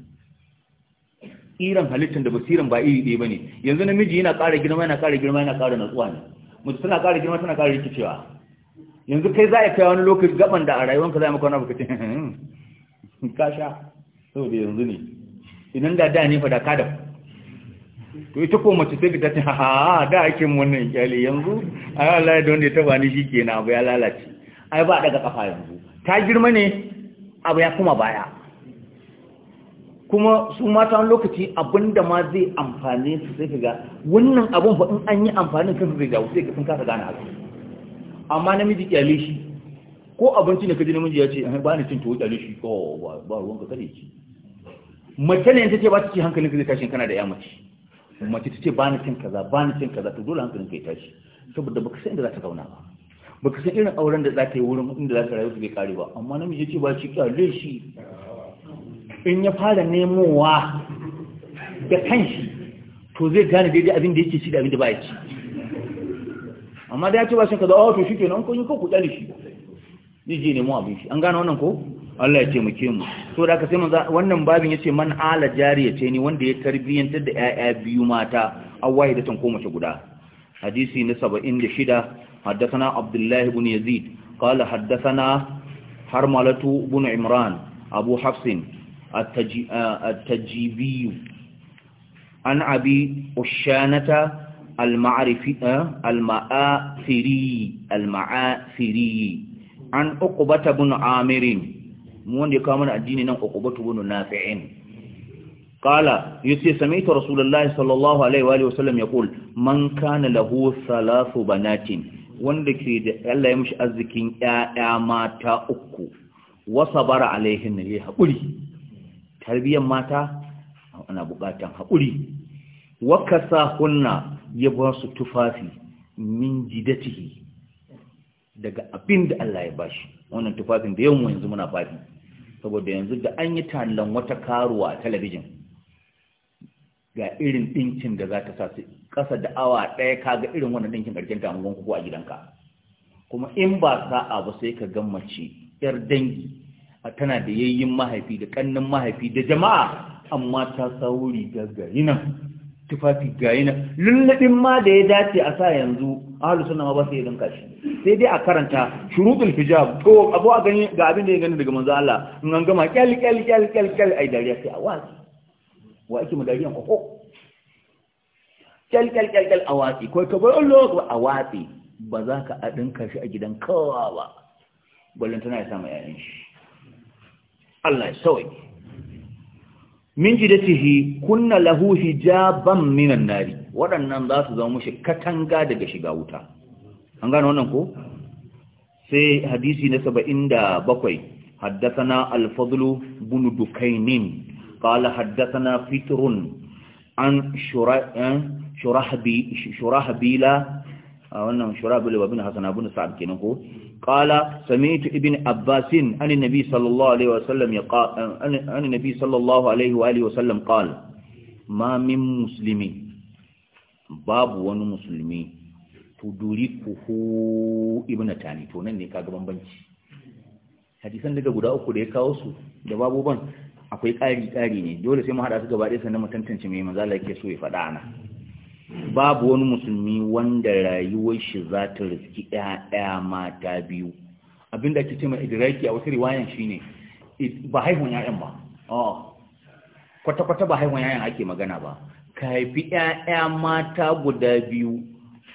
tsiran halittar da basiran ba iri ɗaya ba ne yanzu namiji yana ƙara girma yana ƙara girma yana ƙara natsuwa ne mutu tana ƙara girma tana ƙara rikicewa yanzu kai za a kai wani lokaci gaban da a rayuwanka za a maka wani abu ka hmm, hmm, hmm. ka sha saboda yanzu ne idan da da ne fa da ka da to ita ko mace sai ta ce ha ha da ake wannan kyale yanzu ai Allah ya donde ta bani shikenan abu ya lalace ai ba daga kafa yanzu ta girma ne abu ya kuma baya kuma su mata wani lokaci abinda ma zai amfani su sai kaga wannan abun fa in an yi amfanin kansu zai dawo sai ka sun kasa gane haka amma namiji kyale shi ko abinci ne kaji namiji ya ce eh, ba ni cin tuwo kyale shi ko ba ruwan ka kare ki mace ne ta ce ba ta ci hankalin ka zai tashi kana da ya mace mace ta ce ba ni cin kaza ba ni cin kaza to dole hankalin ka ya tashi saboda baka san inda za ta zauna ba baka san irin auren da za ta yi wurin inda za ta rayu zai kare ba amma namiji ya ce ba shi kyale shi in ya fara nemowa da kanshi to zai gane daidai abin da yake ci da abin da ba ya ci amma da ya ce ba shi kaza a oh, to shi nan kun yi ko ku kyale shi jiji ne an gano wannan ko Allah ya ce mu ke mu da aka sai manzo wannan babin yace man ala jariya ce ni wanda ya tarbiyantar da yaya biyu mata aw wahidatan ko mace guda hadisi na 76 haddathana abdullah ibn yazid qala haddathana harmalatu ibn imran abu hafsin at uh, an abi ushanata al-ma'rifi uh, an uqbata bin amirin mu wanda ya kawo mana addini nan uqbatu bin nafi'in qala yace sami'tu rasulullahi sallallahu alaihi wa alihi wasallam yaqul man kana lahu thalathu banatin wanda ke da Allah ya mishi arzikin ƴaƴa mata uku wa sabara alaihin ne haƙuri tarbiyyar mata ana buƙatar haƙuri wa kasahunna ya ba su tufafi min jidatihi daga abin da Allah ya bashi wannan tufafin da yawan yanzu muna fadi saboda yanzu da an yi tallan wata karuwa a talabijin ga irin ɗinkin da za ta sa su ƙasa da awa ɗaya ka ga irin wannan ɗinkin ƙarshen damuwan ko a gidanka kuma in ba sa'a ba sai ka ga mace yar dangi a tana da yayyin mahaifi da ƙannin mahaifi da jama'a amma ta sauri rigar gari nan tufafi gayi na lullubin ma da ya dace a sa yanzu ahalu suna ma ba su yi zanka shi sai dai a karanta shuruɗin hijab ko abu a gani ga abin da ya gani daga manzo Allah in an gama kyal kyal kyal kyal kyal ai dariya sai a wasi wa ake mu dariyan ko kyal kyal kyal kyal a wasi ko ka bar Allah a wasi ba za ka a dinka shi a gidan kowa ba ballan tana ya mai yayin shi Allah ya sauke min jidatihi kunna lahu hijaban minan nari waɗannan za su zama mushi katanga daga shiga wuta an gane wannan ko sai hadisi na 77 haddathana al-fadl bin dukainin qala haddathana fitrun an shurahbi shurahbila wannan shurahbila bin hasan bin sa'd kenan ko قال سمعت ابن عباس عن النبي صلى الله عليه وسلم عن النبي صلى الله عليه واله وسلم قال ما من مسلم باب nan ne kaga bambanci hadisan daga guda uku da ya kawo su da babu ban akwai ƙari ƙari ne dole sai mu hada su gaba ɗaya sannan mu tantance mai manzo Allah yake so ya faɗa ana babu wani musulmi wanda rayuwar shi za ta riski ɗaya mata biyu abinda ake ce mai idiraki a wata riwayan shine ba haihuwan 'ya'yan ba oh. kwata-kwata ba haihuwan 'ya'yan ake magana ba ka haifi 'ya'ya mata guda biyu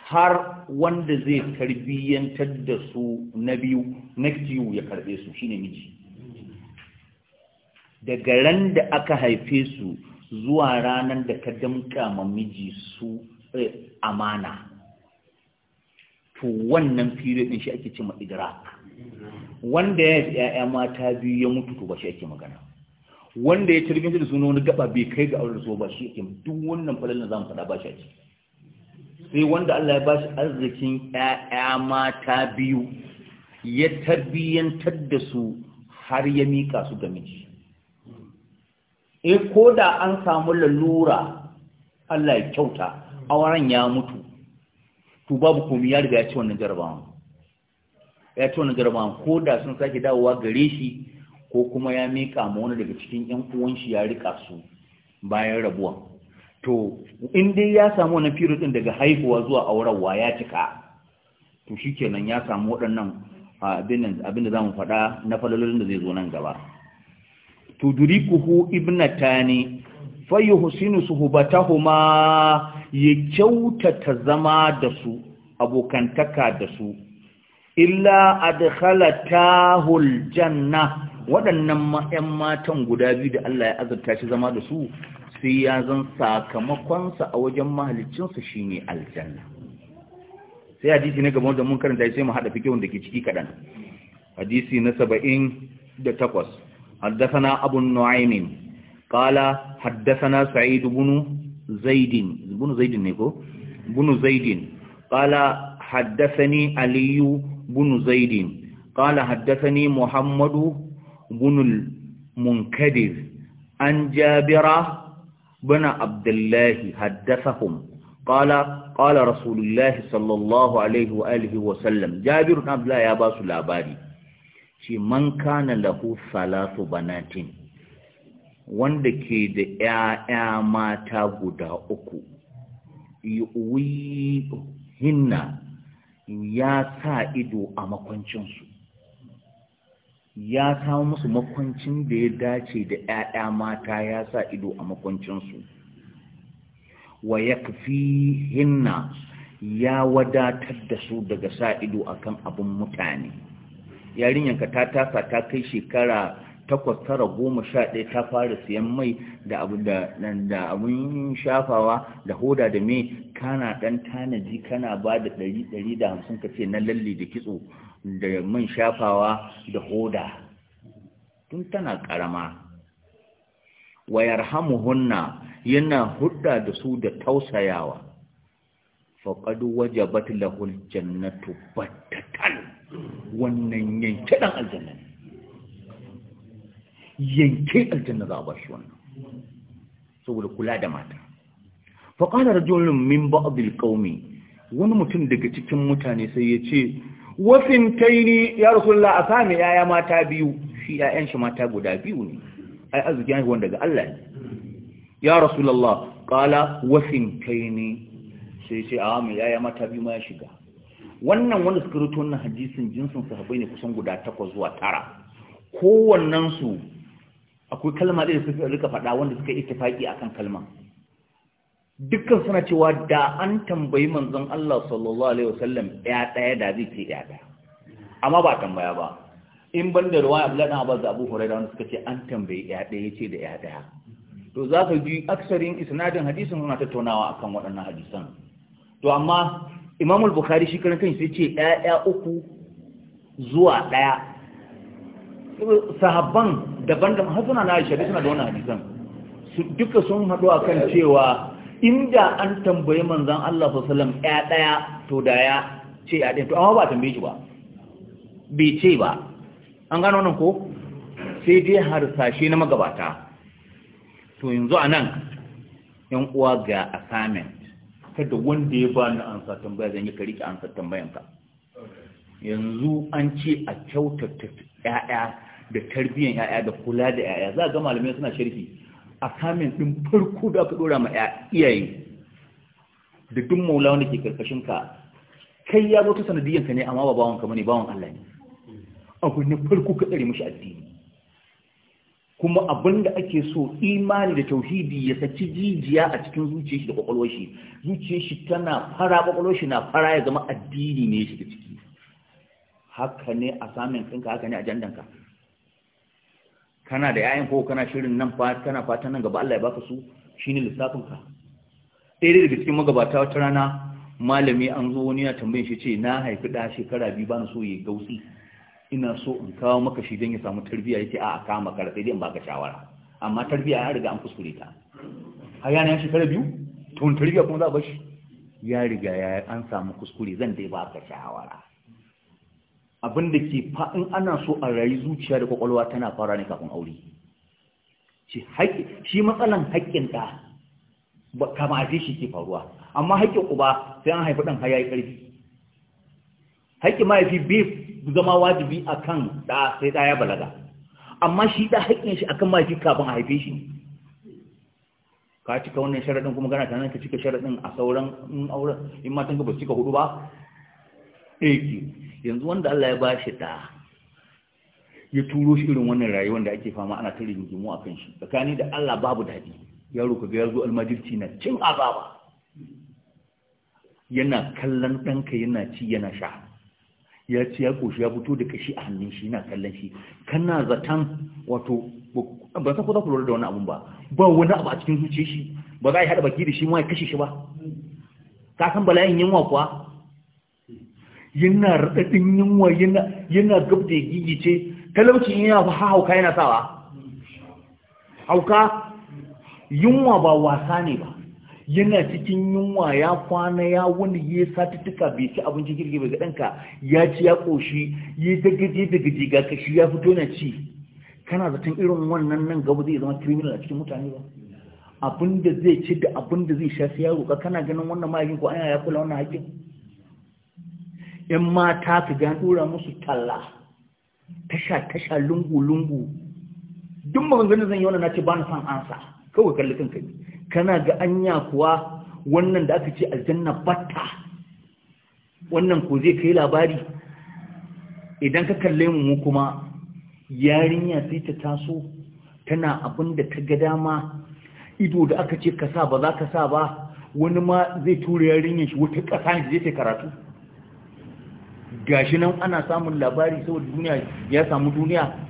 har wanda zai tarbiyyantar da su na biyu na kiwo ya karɓe su shine miji daga ran da aka haife su zuwa ranar da ka damka ma miji su eh, amana to wannan period din shi ake cewa idrak wanda ya ya'ya mata biyu ya mutu to ba shi ake magana wanda ya tarbiyyantar da suna wani gaba bai kai ga aure zuwa ba shi ake duk wannan falal na zamu faɗa ba shi ake sai wanda Allah ya ba shi arzikin ya'ya mata biyu ya tarbiyyantar da su har ya mika su ga miji eh ko da an samu lalura Allah ya kyauta auren ya mutu to babu komai ya riga ya ci wannan jarabawan ya ci wannan jarabawan ko da sun sake dawowa gare shi ko kuma ya mika ma wani daga cikin yan uwan shi ya rika su bayan rabuwa to in dai ya samu wannan period din daga haihuwa zuwa aurarwa ya cika to shikenan ya samu waɗannan ah, abin da zamu faɗa na falalolin da zai zo nan gaba tudrikuhu ibnatani fayuhsinu suhbatahuma ya kyautata zama da su abokantaka da su illa adkhalatahu aljanna waɗannan 'yan matan guda biyu da Allah ya azurta shi zama da su sai ya zan sakamakonsa a wajen mahalicinsa shine aljanna sai hadisi na gaban da mun karanta sai mu hada fikihun da ke ciki kadan hadisi na 78 حدثنا أبو النعيم قال حدثنا سعيد بن زيد بن زيد نيكو بن زيد قال حدثني علي بن زيد قال حدثني محمد بن المنكدر عن جابر بن عبد الله حدثهم قال قال رسول الله صلى الله عليه وآله وسلم جابر بن عبد الله يا باس العبادي ce man kana lahu salatu banatin wanda ke da ‘ya'ya mata guda uku yi hinna ya sa ido a makwancinsu ya kawo musu makwancin da ya dace da ‘ya'ya mata ya sa ido a makwancinsu wa ya hinna ya wadatar da su daga sa ido akan abin mutane yarinyanka ta tasa ta kai shekara takwas tara goma sha ɗaya ta fara siyan mai da abun shafawa da hoda da me kana ɗan tanaji kana ba da ɗari ɗari da hamsin ka ce na lalle da kitso da man shafawa da hoda tun tana karama. wayar hamuhunna yana hudda da su da tausayawa faƙadu wajabat lahul jannatu battatan wannan yanke ɗan aljanna ne yanke aljanna za a bashi wannan saboda kula da mata da rajulun min ba'adil qaumi wani mutum daga cikin mutane sai ya ce wafin taini ya rasulullah a sami yaya mata biyu shi yayan shi mata guda biyu ne ai arziki ne wanda ga Allah ne ya rasulullah qala wafin taini sai ce a mai yaya mata biyu ma ya shiga wannan wanda suka rubuta wannan hadisin jinsin sahabbai ne kusan guda takwas zuwa tara kowannen su akwai kalma ɗaya da suka rika faɗa wanda suka ittifaki akan kalma dukkan suna cewa da an tambayi manzon Allah sallallahu alaihi wasallam ya ɗaya da zai ce ya ɗaya amma ba tambaya ba in ban da ruwa Abdullahi dan Abbas da Abu Hurairah wanda suka ce an tambayi ya ɗaya ce da ya ɗaya to za ka ji aksarin isnadin hadisin suna tattaunawa akan waɗannan hadisan to amma Imamul bukhari shi karan kanshi sai ce ɗaya uku zuwa ɗaya sahabban daban da hasuna na aisha suna da wannan hadisan duka sun haɗu a kan cewa inda an tambayi manzan Allah sallam ya ɗaya to da ya ce ya ɗaya to amma ba tambaye shi ba bai ce ba an gano nan ko sai dai harsashe na magabata to yanzu a nan ‘yan uwa ga assignment kada wanda ya bani ansa tambaya zan yi ka rike ansa tambayan ka yanzu an ce a kyautata ƴaƴa da tarbiyyar ƴaƴa da kula da ƴaƴa za ga malamai suna sharhi a kamin din farko da aka dora ma iyaye da duk maula wanda ke karkashin ka kai ya zo ta ka ne amma ba bawanka bane bawan Allah ne abu na farko ka tsare mishi addini kuma abin da ake so imani da tauhidi ya saki jijiya a cikin zuciyar shi da kwakwalwar shi zuciyar shi tana fara kwakwalwar shi na fara ya zama addini ne shi da ciki haka ne a samun ɗinka haka ne a jandanka kana da yayan ko kana shirin nan fa kana fatan nan gaba Allah ya baka su shine lissafin ka ɗaya daga cikin magabata wata rana malami an zo wani ya tambaye shi ce na haifi ɗa shekara biyu ba na so ya gausi ina so in kawo maka shi don ya samu tarbiyya yake a kama makara sai dai in baka shawara amma tarbiyya ya riga an kuskure ta har yana ya shekara biyu to tarbiyya kuma za a bashi ya riga ya an samu kuskure zan dai baka shawara abin da ke in ana so a rayu zuciya da kwakwalwa tana fara ne kafin aure shi matsalan haƙƙin ɗa kama shi ke faruwa amma haƙƙin uba sai an haifi ɗan har ya ƙarfi haƙƙin mahaifi bai zama wajibi a kan da sai ɗaya balaga amma shi da haƙƙin shi kan mahaifi kafin a haife shi ka cika wannan sharaɗin kuma gana tana ka cika sharaɗin a sauran in auren in matan ka ba cika hudu ba ɗaya eh, yanzu wanda Allah ya bashi da ya turo shi irin wannan rayuwar da ake fama ana ta rigingimu a kan shi tsakani da Allah babu daɗi yaro ka ga ya zo almajirci na cin azaba yana kallon ɗanka yana ci yana sha ya ci ya koshi ya fito da kashi a hannun shi na kallon shi kana zatan wato ba ta ko za ku lura da wani abun ba ba wani abu a cikin zuciya shi ba za a yi haɗa baki da shi ma ya kashe shi ba ka san bala'in yunwa kuwa yana raɗaɗin yunwa yana gab da ya gigice talauci yana ha hauka yana sawa hauka yunwa ba wasa ne ba yana cikin yunwa ya kwana ya wani ya satuttuka bai ci abinci girgi bai gaɗanka ya ci ya ƙoshi ya yi gaje daga gaje ga kashi ya fito na ci kana zaton irin wannan nan gaba zai zama criminal a cikin mutane ba abin da zai ci da abin da zai sha sai ya roƙa kana ganin wannan mahaifin ko ana ya kula wannan haƙƙin yan mata ka ga ɗora musu talla tasha tasha lungu lungu duk maganganun zan yi wannan na ce ba na san ansa kawai kalli kanka ne kana ga anya kuwa wannan da aka ce aljanna batta wannan ko zai kai labari idan ka kalle mu kuma yarinya sai ta taso tana abin da ta ga dama ido da aka ce ka sa ba za ka sa ba wani ma zai tura yarinyar shi wata ƙasa ne zai karatu gashi nan ana samun labari saboda duniya ya samu duniya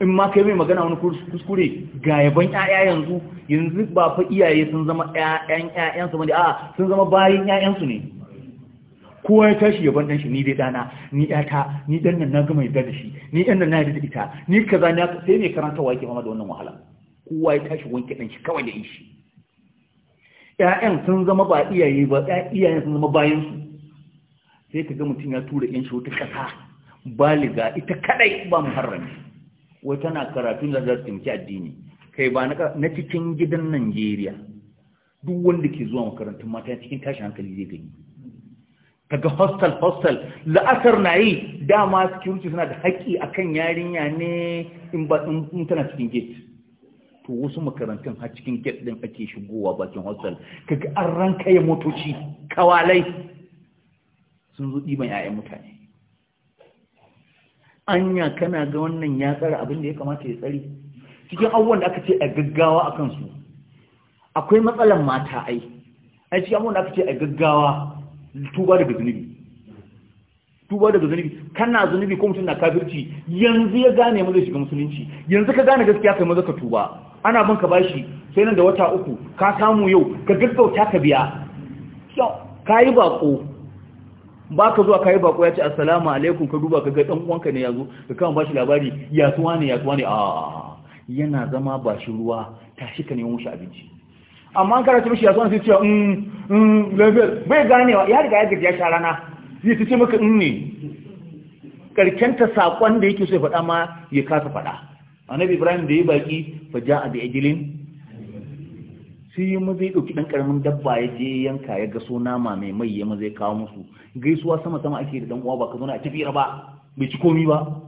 in ma kai mai magana wani kuskure ga yaban ƴaƴa yanzu yanzu ba fa iyaye sun zama ƴaƴan su bane a sun zama bayin su ne kowa ya tashi yaban dan shi ni dai dana ni ƴata ni dan nan na gama yadda da shi ni ɗan nan na yadda ita ni kaza na sai ne karanta yake fama da wannan wahala kowa ya tashi wanke dan shi kawai da shi ƴaƴan sun zama ba iyaye ba iyayen sun zama bayin su sai ka ga mutum ya tura ƴan shi wata ƙasa baliga ita kadai ba muharrami wai tana karatun da za su taimaki addini kai ba na cikin gidan Najeriya duk wanda ke zuwa makarantun mata cikin tashin hankali zai gani kaga hostel hostel la'asar na yi dama security suna da haƙƙi akan yarinya ne in ba in tana cikin gate to wasu makarantun har cikin gate din ake shigowa bakin hostel kaga an rankaye motoci kawalai sun zo ɗiban 'ya'yan mutane anya kana ga wannan ya tsara abin da ya kamata ya tsari cikin abubuwan da aka ce a gaggawa a kansu akwai matsalan mata ai A cikin abubuwan da aka ce a gaggawa tuba daga zunubi tuba daga zunubi kana zunubi ko mutum na kafirci yanzu ya gane maza shiga musulunci yanzu ka gane gaskiya kai maza ka tuba ana banka bashi sai nan da wata uku ka samu yau ka gaggauta ka biya ka yi bako ba ka zuwa kayi bako ya ce assalamu alaikum ka duba ka ga dan uwanka ne yazo ka kama bashi labari ya tuwa ne ya tuwa ne aa yana zama ba shi ruwa tashi ka nemo shi abinci amma an karanta mishi ya tuwa sai ce mm mm level bai ganewa ya riga ya gaji ya sha rana zai ta ce maka in mm, ne karkenta sakon da yake so ya faɗa ma ya kasa faɗa annabi ibrahim da ya baki fa ja'a bi ajlin sai yi mu zai ɗauki ɗan ƙaramin dabba ya je yanka ya gaso nama mai mai ya zai kawo musu gaisuwa sama sama ake da ɗan uwa ba ka na a fira ba bai ci komi ba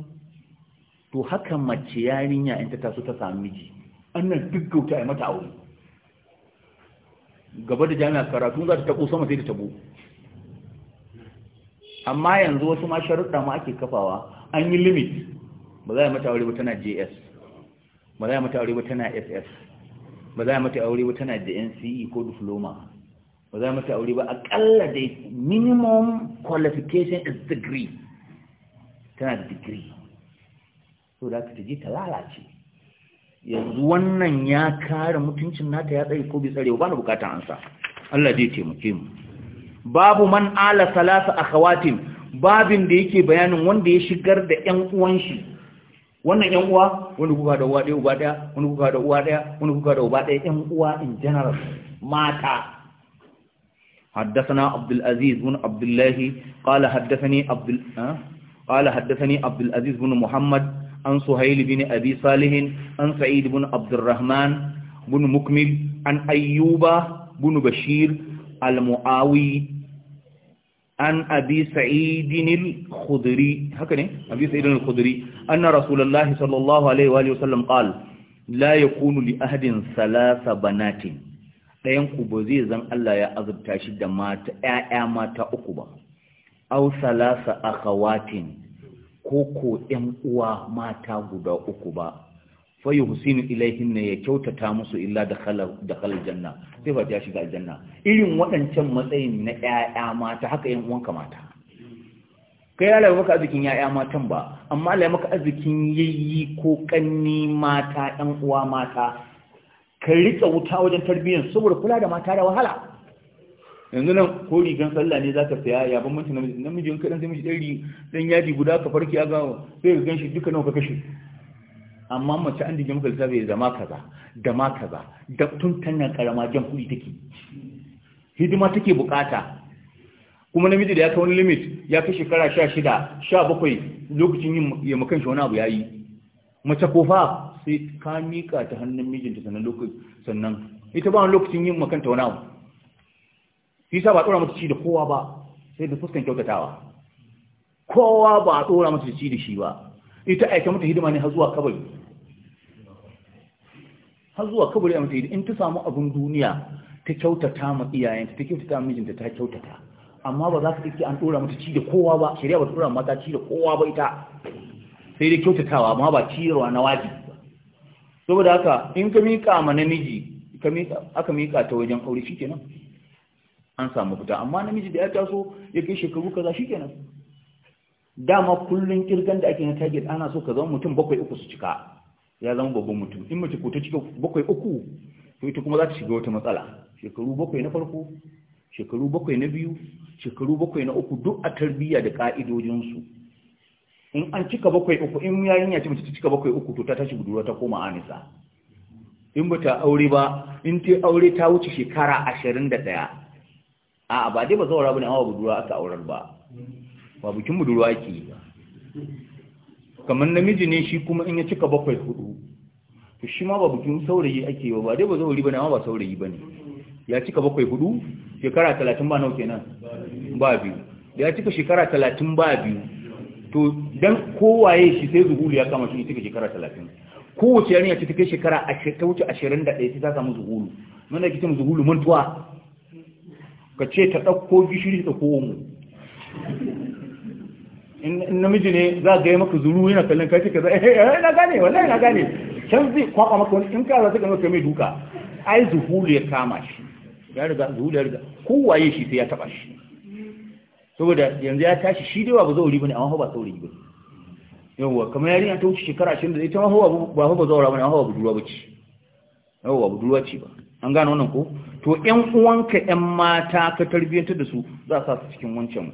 to haka mace yarinya in ta taso ta sami miji nan duk gauta ya mata aure gaba da jami'a karatu za ta tabo sama sai ta tabo amma yanzu wasu ma sharuɗa ma ake kafawa an yi limit ba za a mata aure ba tana js ba za a mata aure ba tana ss ba za mata aure ba tana da NCE ko diploma ba za mata aure ba akalla dai minimum qualification is degree tana da degree so da ka taji ta lalace yanzu wannan ya kare mutuncin nata ya tsare ko bai tsare ba na bukatan ansa Allah zai taimake mu babu man ala salasa akhawatin babin da yake bayanin wanda ya shigar da ƴan uwan shi wannan yan uwa wani kuka da uwa ɗaya uba ɗaya wani kuka da uwa ɗaya wani kuka da uba ɗaya yan uwa in general mata حدثنا عبد العزيز بن عبد الله قال حدثني عبد قال حدثني عبد العزيز بن محمد عن سهيل بن أبي صالح عن سعيد بن عبد الرحمن بن مكمل عن أيوب بن بشير المعاوي an abi sa'idin al-khudri haka ne abi khudri anna sallallahu alaihi wa alihi wasallam qala la yakunu li ahadin salasa banatin dayan ku ba zai zan Allah ya azubta shi da mata ƴaƴa mata uku ba aw salasa akhawatin ko ko ƴan uwa mata guda uku ba fayu husinu ilaihin ne ya kyautata musu illa da khalar janna sai ba ta shiga janna. irin waɗancan matsayin na 'ya'ya mata haka yan uwanka mata kai ya lafi maka arzikin ƴaƴa matan ba amma lafi maka arzikin yayi ko kanni mata ƴan uwa mata ka riƙe wuta wajen tarbiyyar saboda kula da mata da wahala yanzu nan ko rigan sallah ne za ka saya ya bambanci namiji in kaɗan sai mishi ɗan yaji guda ka farki a gawa sai ka gan shi duka nawa ka kashe amma mace an digi muka lissafi da zama kaza da ma kaza da tun tana karama jan kuɗi take hidima take bukata kuma namiji da ya kai wani limit ya fi shekara sha shida sha bakwai lokacin yin ya makan shi wani abu ya yi mace ko fa sai ka miƙa ta hannun mijinta sannan lokacin sannan ita ba wani lokacin yin makanta wani abu shi sa ba ɗora mata ci da kowa ba sai da fuskan kyautatawa kowa ba a ɗora mata ci da shi ba ita aika mata hidima ne har zuwa kabari har zuwa kabari a mata in ta samu abin duniya ta kyautata ma iyayenta ta kyautata mijinta ta kyautata amma ba za ka iske an dora mata ci da kowa ba shari'a ba ta dora mata ci da kowa ba ita sai dai kyautatawa amma ba ciyarwa na waji saboda haka in ka miƙa ma namiji aka miƙa ta wajen aure shi kenan an samu fita amma namiji da ya taso ya kai shekaru kaza shi kenan dama kullum kirgan da ake na target ana so ka zama mutum bakwai uku su cika ya zama babban mutum in mace ko ta cika bakwai uku to ita kuma za ta shiga wata matsala shekaru bakwai na farko shekaru bakwai na biyu shekaru bakwai na uku duk a tarbiyya da ka'idojinsu in an cika bakwai uku in yayin ya ce mace ta cika bakwai uku to ta tashi budurwa ta koma anisa in ba ta aure ba in ta aure ta wuce shekara ashirin da ɗaya a ba dai ba zaura ba ne awa budurwa aka aurar ba ba bikin budurwa ke yi ba kamar namiji ne shi kuma in ya cika bakwai hudu to shi ma ba bikin saurayi ake yi ba dai ba zauri bane amma ba saurayi bane ya cika bakwai hudu shekara talatin ba nawa kenan ba biyu ya cika shekara talatin ba biyu to dan kowaye shi sai zuhuru ya kama shi ya cika shekara talatin kowace yarinya ce ta kai shekara ta wuce ashirin da ɗaya sai ta samu zuhulu mana ki mu zuhuru mantuwa ka ce ta ɗauko gishiri ta ɗauko mu in namiji ne za ga yi maka zuru yana kallon kai kaza eh, eh, eh na gane wallahi na gane can zai kwakwa maka wani in kaza suka maka mai duka ai zuhuli ya kama shi ya riga zuhuli ya riga kowaye shi sai ya taba shi saboda yanzu ya tashi shi dai ba zauri bane amma ba saurayi bane yawwa kamar yarinya ta wuce shekara 20 da ita ma ba ba zaura bane amma ba budurwa bace yawwa budurwa ce ba an gane wannan ko to ƴan uwanka ƴan mata ka tarbiyyantar da su za su sa su cikin wancan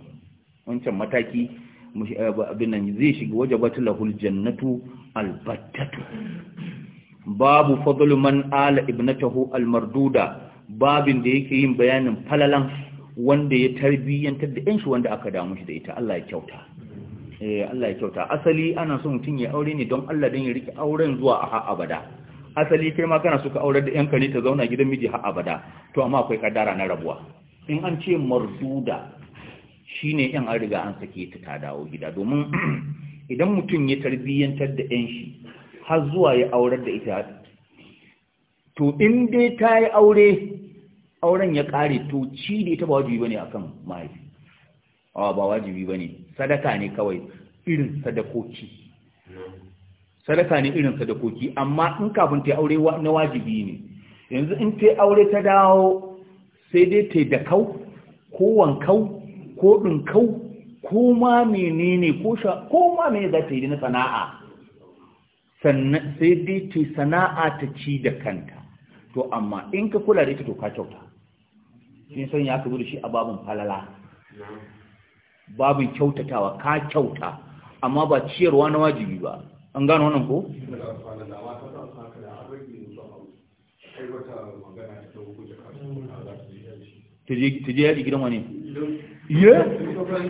wancan mataki Eh, abin nan zai shiga waje wajabatu lahul jannatu albattatu babu fadlu man ala ibnatahu almarduda babin da yake yin bayanin falalan wanda ya tarbiyyantar da ɗanshi wanda aka damu shi da ita Allah ya kyauta eh Allah ya kyauta asali ana son mutum ya aure ne don Allah don ya rike auren zuwa a abada asali kai ma kana suka aure da ƴan ne ta zauna gidan miji har abada to amma akwai kadara na rabuwa in an ce marduda Shi ne yan an riga an sake ta ta dawo gida domin idan mutum ya tarbiyyantar da yan shi har zuwa ya aurar da ita to in dai ta yi aure auren ya kare to ci da ita ba wajibi ba a akan mahaifi awa ba wajibi ba ne sadaka ne kawai irin sadakoki sadaka ne irin sadakoki amma in kafin ta aure na wajibi ne yanzu in ta yi aure ta dawo sai dai ta da kau ko wankau ko ɗinkau ko ma menene ko sha ko ma me za ta yi na sana'a sai dai ce sana'a ta ci da kanta to amma in ka kula da ita to ka kyauta shi san ya kabu da shi a babin falala babin kyautatawa ka kyauta amma ba ciyarwa na wajibi ba an gano wannan ko ta je yaji gidan wani ye eh.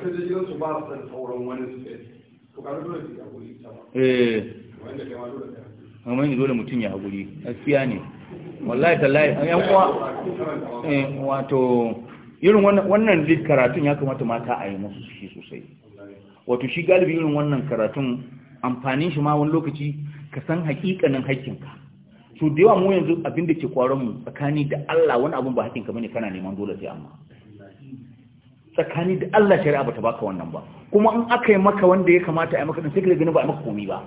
dole mutum ya haƙuri gaskiya ne wallahi tallahi yan uwa eh, wato irin wannan lit karatun ya kamata mata a yi masu shi sosai wato shi galibi irin wannan karatun amfanin shi ma wani lokaci ka san hakikanin haƙinka so da yawa mu yanzu abin da ke kwaron mu tsakani da Allah wani abin ba haƙƙinka mani kana neman dole sai amma tsakani da Allah shari'a bata baka wannan ba kuma in aka yi maka wanda ya kamata a yi maka sai ka gani ba a maka komai ba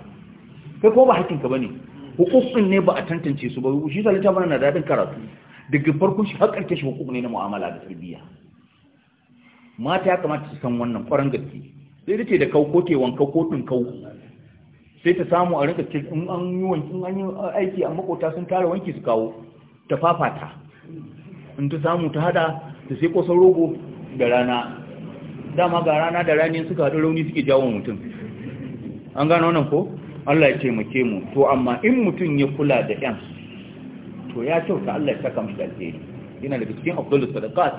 kai kuma ba hakkin ka bane hukukun ne ba a tantance su ba shi sa littafin na dadin karatu daga farkon shi har karshen shi hukuk ne na mu'amala da tarbiyya mata ya kamata su san wannan kwarin gaske sai dace da kau ko ke wanka ko tun kau sai ta samu a rinka in an yi wanki an yi aiki a makota sun tara wanki su kawo ta fafata in ta samu ta hada ta sai kosan rogo da rana dama ga rana da rani suka haɗu rauni suke jawo mutum an gano nan ko Allah ya taimake mu to amma in mutum ya kula da ƴan to ya kyauta Allah ya saka mu alheri yana da cikin afdalu sadaqat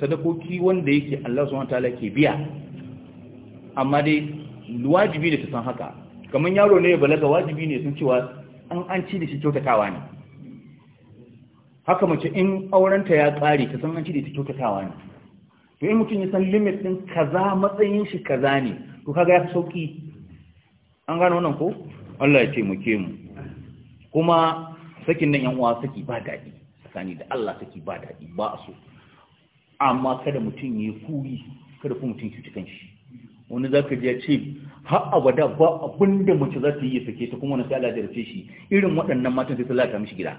sadakoki wanda yake Allah subhanahu wataala ke biya amma dai wajibi ne ta san haka kamar yaro ne ya balaga wajibi ne sun cewa an an ci da shi kyautatawa ne haka mace in aurenta ya tsare ta san an ci da shi kyautatawa ne to in mutum ya san limit din kaza matsayin shi kaza ne to kaga ya fi sauki an gano wannan ko Allah ya taimake mu kuma sakin nan yan uwa saki ba daɗi tsakani da Allah saki ba daɗi ba a so amma kada mutum ya kuri kada kuma mutum ya cikin shi wani zaka ji ya ce har abada ba abinda mace za ta yi ya sake ta kuma wani sai Allah ya rufe shi irin waɗannan matan sai ta lata mishi gida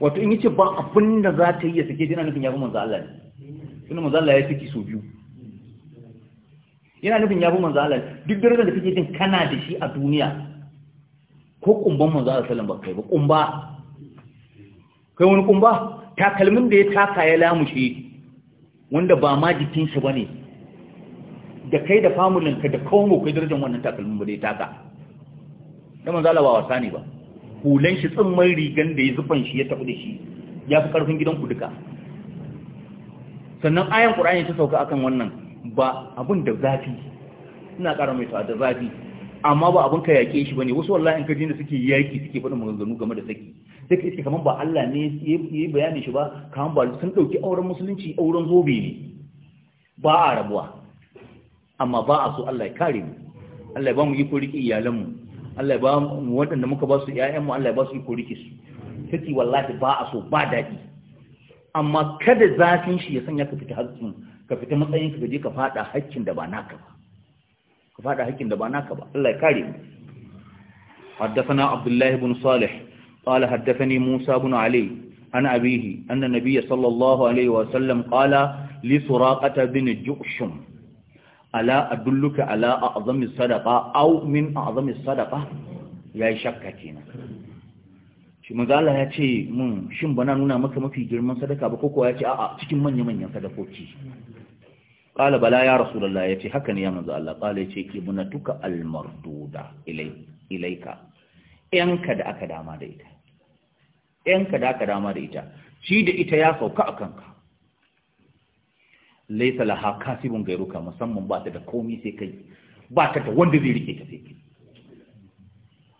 wato in yace ba abinda za ta yi ya sake ta ina nufin ya fi manzo Allah ne sunan manzo Allah ya saki so biyu yana nufin ya fi manzo Allah duk darajar da kake jin kana da shi a duniya ko kumban manzo Allah sallallahu alaihi wasallam ba kai ba kumba kai wani kumba takalmin da ya taka ya lamushe wanda ba ma jikin shi bane da kai da famulin ka da kawo kai darajar wannan takalmin ba da ya taka da manzo Allah ba wasa ne ba hulan shi tsimmin rigan da ya zufan shi ya tafi da shi ya fi karfin ku duka sannan ayan ƙura'ani ta sauka akan wannan ba abun da zafi ina ƙara mai da zafi amma ba abun ka yake shi ba ne. wasu wallahi in ka da suke yaki suke faɗin maganganu game da saki duk iske kamar ba Allah ne ya yi bayani shi ba kamar ba sun ɗauki auren musulunci auren zobe ne ba a rabuwa amma ba a so Allah ya kare mu Allah ya ba mu iko riƙe iyalanmu Allah ya ba mu waɗanda muka ba su mu. Allah ya ba su iko riƙe su saki wallahi ba a so ba daɗi amma kada zafin shi ya sanya ka fita haƙƙin ka fita matsayin ka je ka fada da ka fada haƙƙin da ba naka ba Allah ya kare mu haddathana abdullahi ibn salih musa ibn ali an abihi anna nabiyya sallallahu alaihi wa sallam qala li suraqata bin juqshum ala adulluka ala a'zami sadaqa aw min azamin sadaka yayi shakka kenan shi manzo Allah ya ce mun shin bana nuna maka mafi girman sadaka ba ko kuwa ya ce a'a cikin manya-manyan sadakoki qala bala ya rasulullah ya ce haka ne ya manzo Allah qala ya ce tuka almarduda da ilaika yanka da aka dama da ita yanka da aka dama da ita shi da ita ya sauka a kanka laisa laha kasibun gairuka musamman ba ta da komai sai kai ba ta da wanda zai rike ta sai kai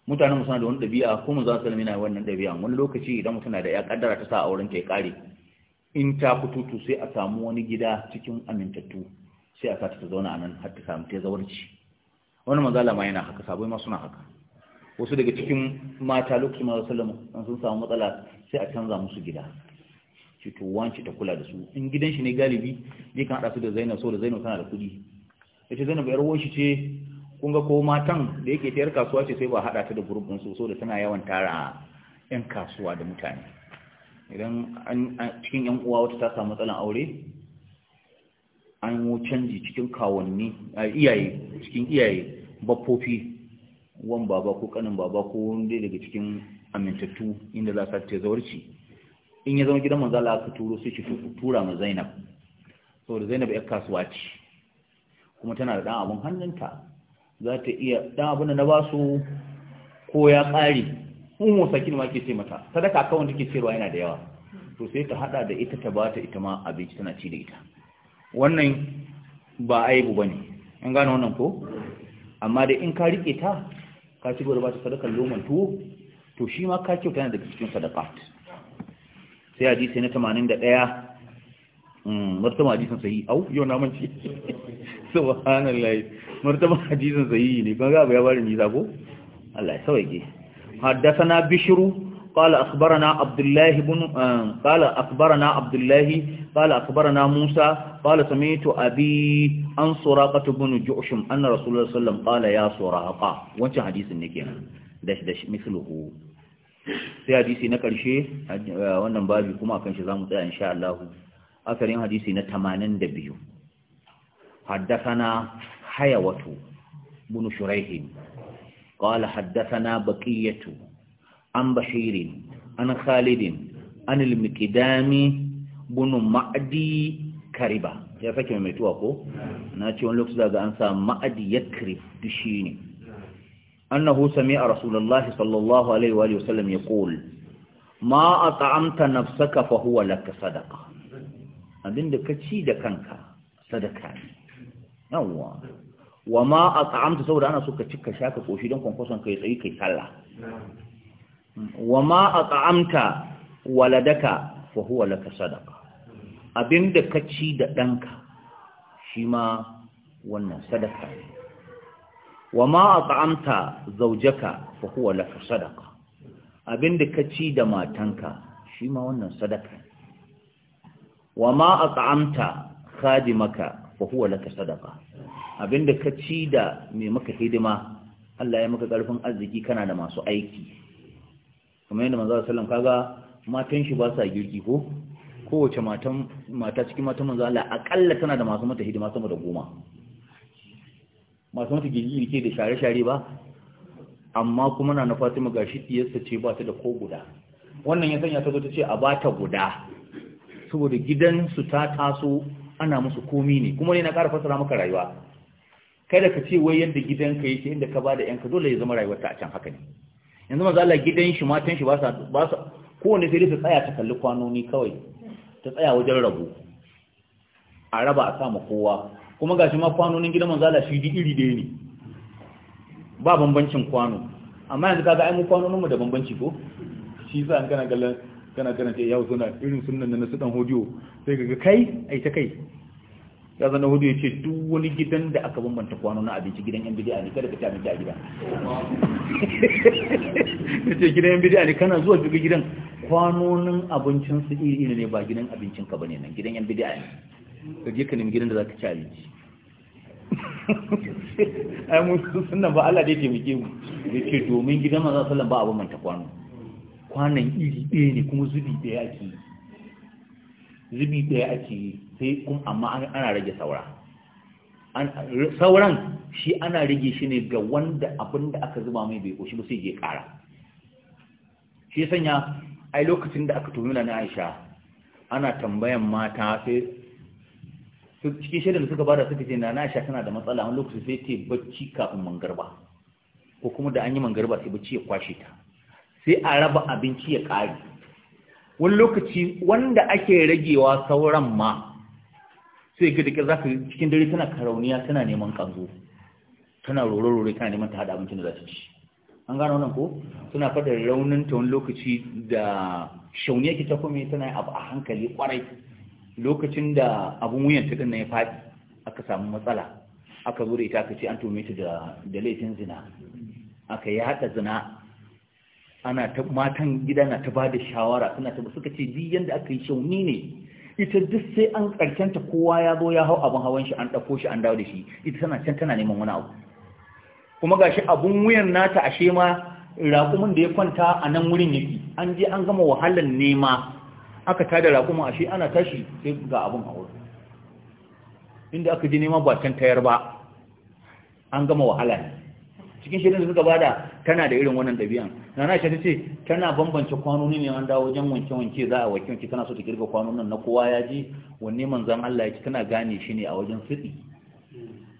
musu na da wani ɗabi'a ko mu za su yana wannan ɗabi'a wani lokaci idan mutum na da ya kaddara ta sa auren ta ya kare in ta to sai a samu wani gida cikin amintattu sai a sa ta zauna a nan har ta samu ta zawarci wani maza ma yana haka sabai ma suna haka wasu daga cikin mata lokacin masu sallama an sun samu matsala sai a canza musu gida ki to wanci ta kula da su in gidan shi ne galibi ne kan hada su da zainab so da zainab tana da kuɗi ya ce zainab yar shi ce kun ga ko matan da yake tayar kasuwa ce sai ba hada ta da gurbin su so da tana yawan tara yan kasuwa da mutane idan an cikin yan uwa wata ta samu matsalan aure an yi canji cikin kawanni a iyaye cikin iyaye bafofi wan baba ko kanin baba ko wanda daga cikin amintattu inda za su ta zaurci in ya zama gidan manzala Allah aka turo sai ki tura ma Zainab saboda Zainab yar kasuwa ce kuma tana da dan abun hannunta za ta iya dan abin da na basu su ko ya ƙare un ma ke ce mata sadaka kawai take cewa yana da yawa to sai ta hada da ita ta bata ita ma abinci tana ci da ita wannan ba aibu bane an gane wannan ko amma da in ka rike ta ka ci gaba ba sadakar loman tuwo to shi ma ka kyauta yana daga cikin sadaka sai hadisi na 81 Mm, martaba hadisin sahihi au yau na manci subhanallah martaba hadisin sahihi ne kuma ga abu ya bari ni zago Allah ya sauke ki bishru قال اخبرنا عبد الله بن قال اخبرنا عبد الله قال اخبرنا موسى قال سمعت ابي ان سراقه بن جعشم ان رسول الله صلى الله عليه وسلم قال يا سراقه وانت حديث نكين Sai hadisi na karshe uh, wannan babu kuma kan shi zamu tsaya insha Allah Asarin hadisi na 82 haddathana hayawatu bin shuraih قال حدثنا بقية عن بشير عن خالد عن المكدام بن معدي كربا ya sake mai tuwa ko na ce wani lokaci daga an sa ma'adi ya krif dushi ne annahu sami'a rasulullahi sallallahu alaihi wa sallam ya qul ma at'amta abinda ka ci da kanka sadaka ne yawwa wa ma a ta'amta saboda ana so ka ci ka sha ka koshi don kwankwason kai tsayi kai sallah wa ma a ta'amta waladaka fa huwa laka sadaka abinda ka ci da danka, shi ma wannan sadaka ne wa ma a ta'amta zaujaka fa huwa laka sadaka abinda ka ci da matanka shi ma wannan sadaka wa ma at'amta khadimaka fa huwa laka sadaqa abinda ka ci da me maka hidima Allah ya maka karfin arziki kana da masu aiki kuma yadda manzo sallam kaga matan shi ba sa girki ko kowace matan mata cikin matan manzo Allah akalla tana da masu mata hidima sama da goma masu mata girki ke da share-share ba amma kuma na Fatima gashi tiyarsa ce ba ta da ko guda wannan ya sanya ta zo ta ce a ba ta guda saboda gidansu ta taso ana musu komi ne kuma ne na ƙara fasara maka rayuwa kada ka ce wai yadda gidanka yake inda ka bada yanka dole ya zama rayuwar ta a can haka ne yanzu maza Allah gidan shi matan shi ba sa ba sa kowanne sai ta tsaya ta kalli kwanoni kawai ta tsaya wajen rabu a raba a sama kowa kuma gashi ma kwanonin gidan maza Allah shi di iri da ne ba bambancin kwano amma yanzu kaga ai mu kwanonin mu da bambanci ko shi yasa an kana kallon kana ce yau suna irin sunan na sudan dan hodiyo sai ga kai ai ta kai ya zana hudu ya ce duk wani gidan da aka bambanta kwano na abinci gidan yan bidiya ne kada ka ci abinci gida ya ce gidan yan bidiya ne kana zuwa shiga gidan kwanonin abincin su iri ne ba gidan abincin ka bane nan gidan yan bidiya ne ka je ka nemi gidan da za ka ci abinci ai mun sunan ba Allah da ya taimake mu ya ce domin gidan manzo wasallam ba a bambanta kwano kwanan iri ɗaya ne kuma zubi ɗaya ake yi zubi ɗaya ake yi sai kuma amma ana rage saura sauran shi ana rage shi ne ga wanda abin da aka zuba mai bai koshi ba sai ya ƙara shi sanya ai lokacin da aka tuhumi na Aisha ana tambayan mata sai su cikin shaidar da suka bada suka ce na Aisha tana da matsala wani lokaci sai ta bacci kafin mangarba ko kuma da an yi mangarba sai bacci ya kwashe ta sai a raba abinci ya ƙari wani lokaci wanda ake ragewa sauran ma sai ga za zaka cikin dare tana karauniya tana neman kanzo tana roro-roro tana neman ta hada abincin da za ta ci an gano nan ko suna fada raunin ta wani lokaci da shauniya ke ta kome tana abu a hankali kwarai lokacin da abun wuyan ta din ya faɗi aka samu matsala aka zo da ita aka ce an tome ta da laifin zina aka yi haɗa zina ana ta matan gida na ta bada shawara suna ta suka ce bi yanda aka yi shauni ne ita duk sai an ta kowa ya zo ya hau abin hawan shi an ɗauko shi an dawo da shi ita tana can tana neman wani abu kuma gashi abun wuyan nata ashe ma raƙumin da ya kwanta a nan wurin yake an je an gama wahalar nema aka tada raƙumin ashe ana tashi sai ga abun hawa inda aka je nema ba can tayar ba an gama wahala cikin shirin da suka bada tana da irin wannan ɗabi'an nana aisha ta ce tana bambance kwanoni ne an dawo wajen wanke wanke za a wanke wanke tana so ta girga kwanonin na kowa ya ji wanne manzan Allah ya ci tana gane shi ne a wajen sidi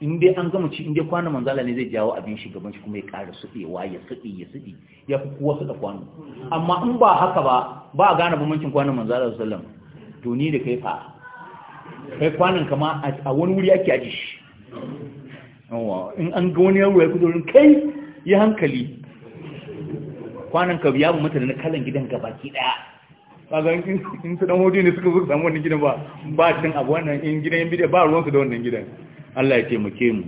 in dai an gama ci in dai kwanon manzala ne zai jawo abin shi gaban shi kuma ya ƙara suɗewa ya suɗi ya suɗi ya fi kowa suɗa kwano amma in ba haka ba ba a gane bambancin kwanon manzala sallam to ni da kai fa kai kwanon kama a wani wuri ake aji shi in an ga wani yaro ya kudurin kai ya hankali kwanan ka biya mu mutane na kalan gidan gabaki daya ga in su dan hudu ne suka zo samu wannan gidan ba ba tun abu wannan in gidan yan bidiya ba ruwan su da wannan gidan Allah ya taimake mu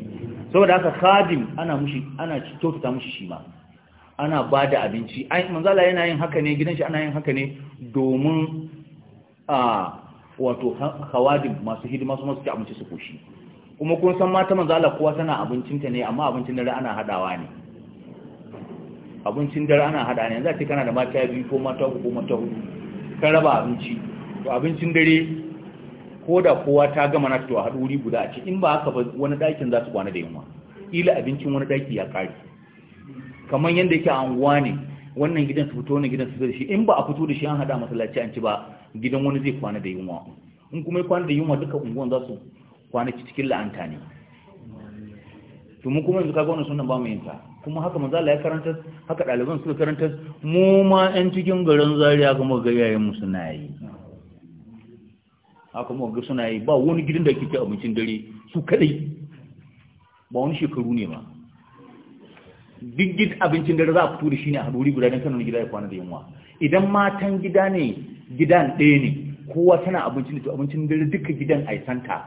saboda haka khadim ana mushi ana kyautata mushi shi ma ana bada abinci ai manzala yana yin haka ne gidan shi ana yin haka ne domin a wato khawadim masu hidima su masu ci abinci su koshi kuma kun san mata manzala kowa tana abincin ta ne amma abincin dare ana hadawa ne abincin dare ana hada ne yanzu a ce kana da mata biyu ko mata uku ko mata hudu ka raba abinci to abincin dare ko da kowa ta gama na to hadu wuri guda a ce in ba haka ba wani ɗakin za su kwana da yamma ila abincin wani ɗaki ya ƙare kamar yadda yake unguwa ne wannan gidan su fito wannan gidan su zai shi in ba a fito da shi an hada masallaci an ci ba gidan wani zai kwana da yunwa in kuma ya kwana da yunwa duka unguwan za su kwana cikin la'anta ne to mu kuma yanzu kaga wannan sunan ba mu yin kuma haka manzala ya karanta haka ɗaliban suka karanta mu ma 'yan cikin garin zariya ga muka yayin mu suna yi haka muka ga suna yi ba wani gidan da kike abincin dare su kadai ba wani shekaru ne ma. duk abincin dare za a fito da shi ne a haduri guda don sanar gida ya kwana da yunwa idan matan gida ne gidan ɗaya ne kowa tana abincin da abincin dare duka gidan a santa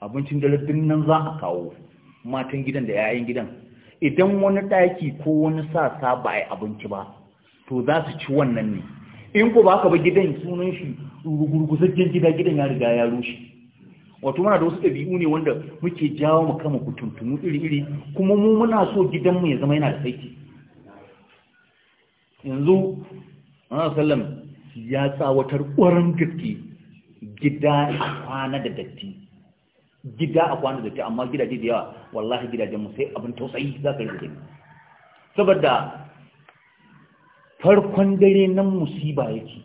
abincin dare duk nan za a kawo matan gidan da 'ya'yan gidan idan wani ɗaki ko wani sasa ba a abinci ba to za su ci wannan ne in ko ba ka ba gidan sunan shi rugurguzajjen gida gidan ya riga ya rushe wato muna da wasu ɗabi'u ne wanda muke jawo mu kama ku tuntunu iri-iri kuma mu muna so gidan mu ya zama yana da saiti yanzu ana sallam ya tsawatar ƙwarin gaske gida a kwana da datti gida a kwanu da amma gidaje da yawa wallahi gidajen mu sai abin tausayi za ka yi da saboda farkon dare nan musiba yake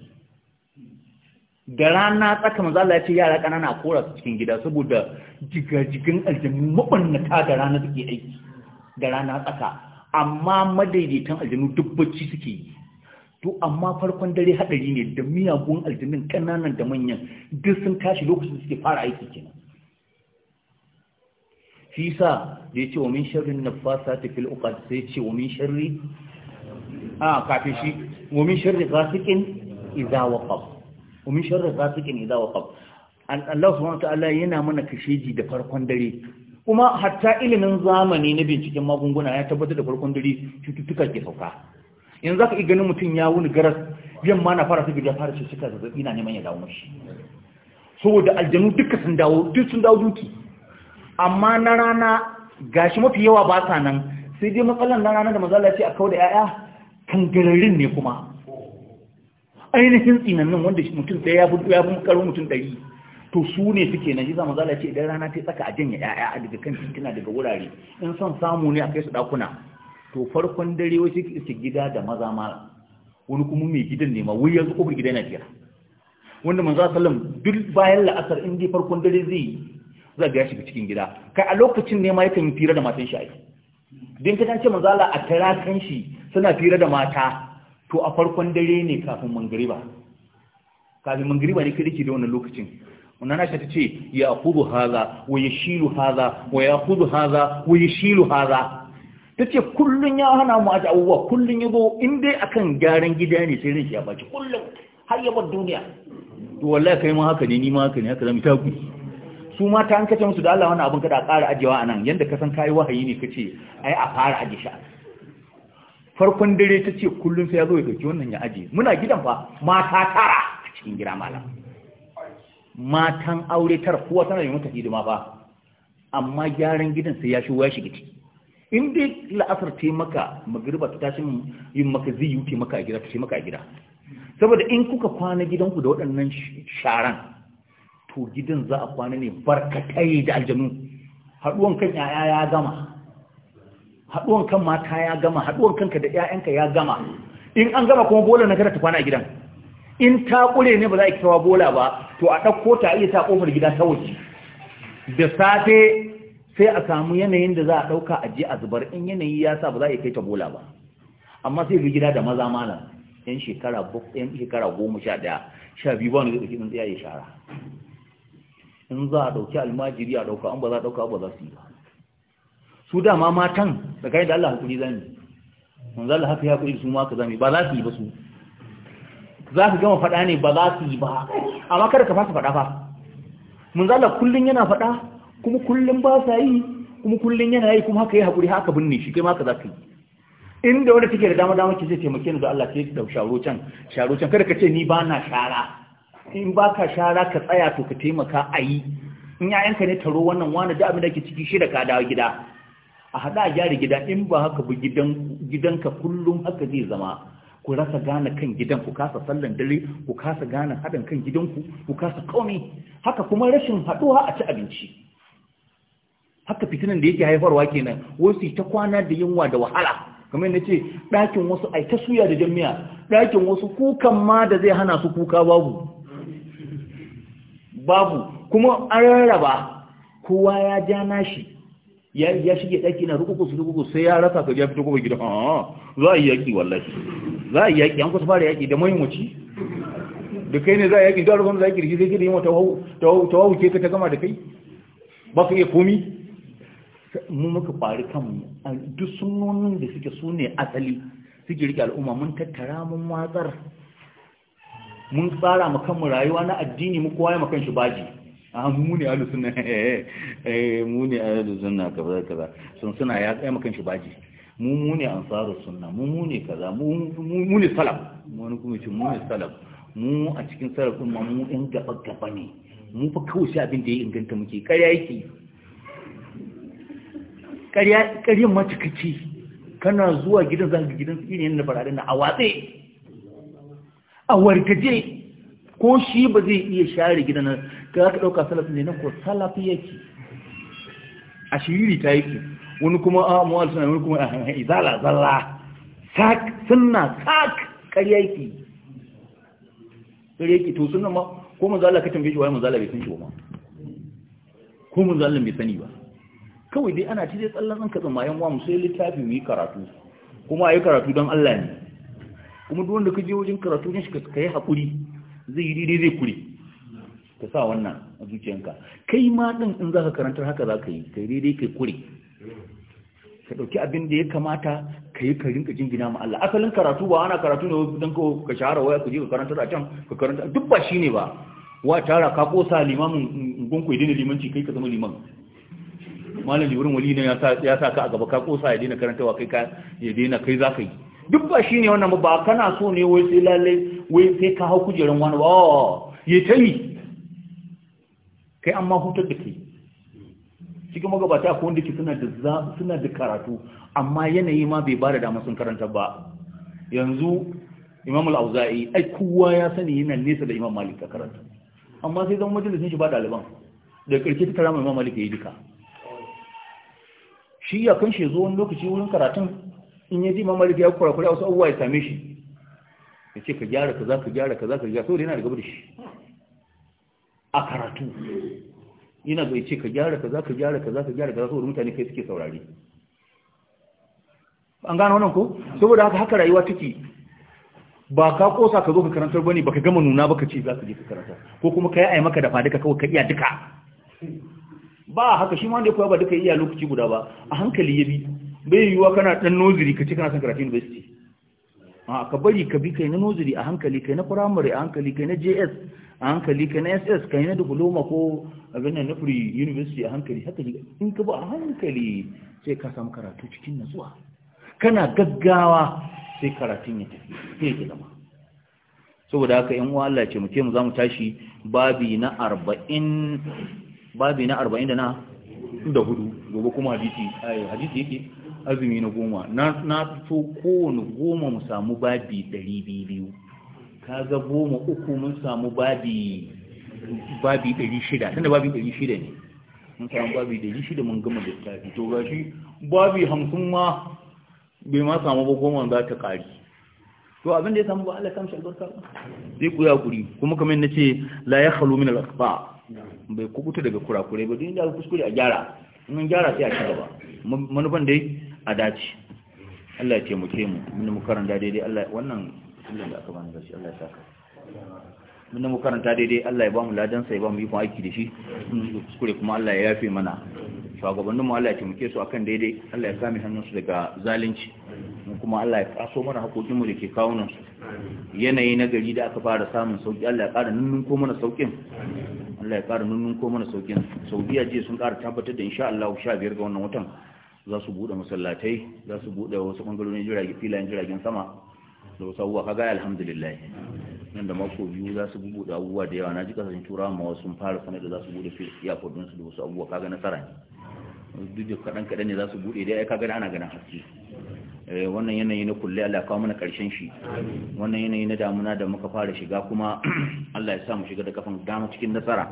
da rana tsaka maza Allah ya ce yara ƙanana kora su cikin gida saboda jigajigin aljanu mabannata da rana suke aiki da rana tsaka amma madaidaitan aljanu duk bacci suke yi to amma farkon dare hadari ne da miyagun aljanun kananan da manyan duk sun tashi lokacin suke fara aiki kenan shi sa da ya ce wa min sharrin nafasati fil uqad sai ce wa min sharri a kafin shi wa min sharri ghasiqin idza waqab wa min sharri ghasiqin idza Allah subhanahu yana mana kasheji da farkon dare kuma hatta ilimin zamani na binciken magunguna ya tabbatar da farkon dare cututtuka ke sauka yanzu ka iya ganin mutum ya wuni garas yamma na fara saboda ya fara cututtuka zazzabi na neman ya dawo mashi saboda aljanu duka sun dawo duk sun dawo duki amma na rana gashi mafi yawa ba sa nan sai dai matsalan na rana da mazala ce a kawo da 'ya'ya kangararin ne kuma ainihin tsinannin wanda mutum ɗaya ya fi ya mutum ɗari to su ne suke na jiza mazala ce idan rana ta tsaka a janye 'ya'ya a daga kan titina daga wurare in son samu ne a kai su ɗakuna to farkon dare wasu su gida da maza ma wani kuma mai gidan ne ma wai ya zo kofar gida yana jira wanda manzo sallam duk bayan la'asar in dai farkon dare zai yi za ga ya shiga cikin gida kai a lokacin ne ma yakan yi fira da matan shi ai din ka tace manzo Allah a tara kan shi suna fira da mata to a farkon dare ne kafin mangriba kafin mangriba ne kai da wannan lokacin wannan ta ce ya akudu haza wa yashilu haza wa khudu haza wa yashilu haza tace kullun ya hana mu aje abubuwa kullun yazo in dai akan gyaran gida ne sai rinki ya baci kullun har ya bar duniya to wallahi kai ma haka ne ni ma haka ne haka zamu taku su mata an kace musu da Allah wannan abin kada a ƙara ajewa a nan yadda ka san kayi wahayi ne kace ai a fara aje shi farkon dare ta ce kullum sai ya zo ya dauki wannan ya aje muna gidan fa mata tara a cikin gida malam matan aure tara kowa tana yi mata hidima fa amma gyaran gidan sai ya shigo ya shiga ciki in dai la'asar ta maka magriba ta tashi yin maka zai yi maka a gida ta maka a gida saboda in kuka kwana gidanku da waɗannan sharan to gidan za a kwana ne barkatai da aljanu haɗuwan kan yaya ya gama haɗuwan kan mata ya gama haɗuwan kanka da ƴaƴanka ya gama in an gama kuma bola na kada ta kwana a gidan in ta kure ne ba za a kitawa bola ba to a ɗauko ta iya ta kofar gida ta wuce da safe sai a samu yanayin da za a ɗauka a je a zubar in yanayi ya sa ba za a kai ta bola ba amma sai ga gida da maza malam yan shekara goma sha ɗaya sha biyu ba wani zai ɗauki tsuntsiya ya shara in za a ɗauki almajiri a ɗauka an ba za a ɗauka ba za su yi ba su dama matan da kai da Allah hakuri mun za Allah haka hakuri su ma ka zami ba za su yi ba su za ka gama faɗa ne ba za su yi ba amma kada ka fasa faɗa fa za Allah kullun yana faɗa kuma kullun ba sa yi kuma kullun yana yi kuma haka yi hakuri haka binne shi kai ma ka za ka yi inda wanda take da dama dama ki zai taimake ni da Allah sai ki dau sharo can sharo can kada ka ce ni ba na shara in ba ka shara ka tsaya to ka taimaka a yi in yayanka ne taro wannan wani da abin da ke ciki shida da ka dawo gida a haɗa a gyara gida in ba haka ba gidanka kullum haka zai zama ku rasa gane kan gidan ku kasa sallan dare ku kasa gane haɗin kan gidanku ku kasa kaune haka kuma rashin haɗuwa a ci abinci haka fitinan da yake haifarwa kenan wasu ta kwana da yunwa da wahala kamar na ce ɗakin wasu ai ta suya da jami'a ɗakin wasu kukan ma da zai hana su kuka babu babu kuma an rarraba kowa ya ja nashi ya shige daki na rukuku su rukuku sai ya rasa ka ya fito kuma gida za a yi yaki wallahi za a yi yaki an kusa fara yaki da muci da kai ne za a yaki da rubun za a kirgi sai gida yi mata tawawu ke ta gama da kai ba ka iya komi mu muka fari mu duk sunonin da suke sune asali suke rike al'umma mun tattara mun watsar mun tsara mu kanmu rayuwa na addini mu kowa ya makan shi baji a ah, mu ne ahlu sunna eh, eh mu ne ahlu sunna kaza kaza sun suna ya kai makan shi baji mu mu ne ansaru sunna mu mu ne kaza mu mu ne salaf mu ne kuma ce mu ne salaf mu a cikin salaf din ma mu in gaba gaba ne mu fa kawo shi abin da ya inganta muke ƙarya yake ƙarya ƙaryan ma cikakke kana zuwa gidan zaka gidan irin na faradin a watsi. a wargaje ko shi ba zai iya share gidan nan ka ka dauka salafi ne nan ko salafi yake a shiriri ta yake wani kuma a ah, mu'al suna wani kuma ah, ah, a zala-zala. sak sunna sak ƙarya yake ƙarya yake to suna ma ko manzo zala ka tambaye shi wani manzo zala bai san shi ba ko manzo zala bai sani ba kawai dai ana ci dai tsallan ka tsamayen wa mu sai littafi mu yi karatu kuma a yi karatu don Allah ne kuma duk wanda ka je wajen karatu ne shi ka yi haƙuri zai yi daidai zai kure ka sa wannan a zuciyanka kai ma ɗin in za ka karantar haka za ka yi kai daidai kai kure ka ɗauki abin da ya kamata ka yi karin ka jingina ma Allah asalin karatu ba ana karatu ne don ka shahara waya ku je ka karanta a can ka karanta duk ba shi ne ba wa tara ka kosa limamin gunku ya limanci kai ka zama liman malam jibrin wali ne ya sa ka a gaba ka kosa ya daina karantawa kai ka ya daina kai za ka yi duk ba shi ne wannan ba kana so ne wai sai lalai wai sai ka hau kujerin wani ba ya ta yi kai an hutar da shi cikin magabata ko wanda ke suna da karatu amma yanayi ma bai ba da damar sun karanta ba yanzu imam al ai kowa ya sani yana nesa da imam malik a karanta amma sai zama majalisin shi ba ɗaliban da ƙarshe ta tara mai imam malik ya yi duka shi ya kan shi zo wani lokaci wurin karatun in ya ji ya kura kura wasu abubuwa ya same shi ya ce ka gyara ka za ka gyara ka za ka gyara saboda yana da gabar shi a karatu yana bai ce ka gyara ka za ka gyara ka za ka gyara ka za saboda mutane kai suke saurari an gano wannan ko saboda haka haka rayuwa take ba ka kosa ka zo ka karantar bane baka gama nuna baka ce za ka je ka karanta ko kuma kai ai maka da fadaka kawai ka iya duka ba haka shi ma wanda ya koya ba duka iya lokaci guda ba a hankali ya bi bai yiwuwa kana dan noziri ka ce kana son karatu university a ka bari ka bi kai na noziri a hankali kai na primary a hankali kai na js a hankali kai na ss kai na diploma ko abin nan na free university a hankali haka in ka ba a hankali sai ka samu karatu cikin natsuwa kana gaggawa sai karatun ya tafi sai ya zama saboda haka yan uwa Allah ce mu ce mu zamu tashi babi na 40 babi na 40 da na da hudu gobe kuma hadisi ai hadisi yake azumi na goma na fito kowane goma mu samu babi ɗari biyu Ka ga goma uku mun samu babi babi ɗari shida da babi ɗari shida ne mun samu babi ɗari shida mun gama littafi to ga shi babi hamsin ma bai ma samu ba goma za ta ƙari to abin da ya samu ba Allah kamshi albarka ba zai kuya kuri kuma kamar na ce la ya halu min al-akhfa bai kubuta daga kurakurai ba duk inda kuskure a gyara mun gyara sai a ci gaba manufan dai a dace Allah ya taimake mu mun mu karanta daidai Allah wannan sunan da aka bani gashi Allah ya saka mun mu karanta daidai Allah ya ba mu ladan sai ba mu yi kuma aiki da shi kuskure kuma Allah ya yafe mana shugabannin mu Allah ya taimake su akan daidai Allah ya kame su daga zalunci kuma Allah ya kaso mana hakokin mu dake kawunan su yanayi na gari da aka fara samun sauki Allah ya ƙara nunnun ko mana saukin Allah ya ƙara nunnun ko mana saukin Saudiya jiya sun ƙara tabbatar da insha Allah 15 ga wannan watan za su buɗe masallatai za su buɗe wasu ɓangarorin jirage filayen jiragen sama da wasu abubuwa kaga alhamdulillah nan da mako biyu za su buɗe abubuwa da yawa na ji kasashen turawa ma wasu fara sanar da za su buɗe iyakar su da wasu abubuwa kaga nasara ne duk da kaɗan kaɗan ne za su buɗe dai kaga ana ganin haske Eh, wannan yanayi na kulle Allah kawo mana karshen shi wannan yanayi na damuna da muka fara shiga kuma Allah ya sa mu shiga da kafan dama cikin nasara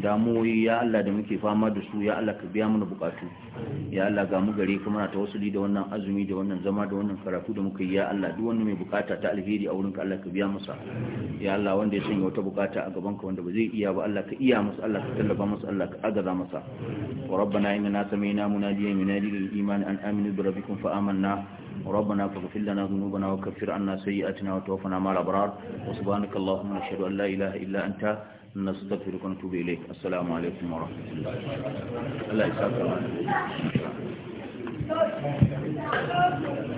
damuwoyi ya Allah da muke fama da su ya Allah ka biya mana bukatu ya Allah ga mu gare kuma na tawassuli da wannan azumi da wannan zama da wannan karatu da muka yi ya Allah duk wanda mai bukata ta alheri a wurin ka Allah ka biya masa ya Allah wanda ya sanya wata bukata a gaban ka wanda ba zai iya ba Allah ka iya masa Allah ka tallafa masa Allah ka agaza masa wa rabbana inna sami'na munadiyan yunadi iman an aminu bi rabbikum fa amanna ربنا فاغفر لنا ذنوبنا وكفر عنا سيئاتنا وتوفنا مع الأبرار وسبحانك اللهم نشهد أن لا إله إلا أنت نستغفرك ونتوب إليك السلام عليكم ورحمة الله الله يسعدك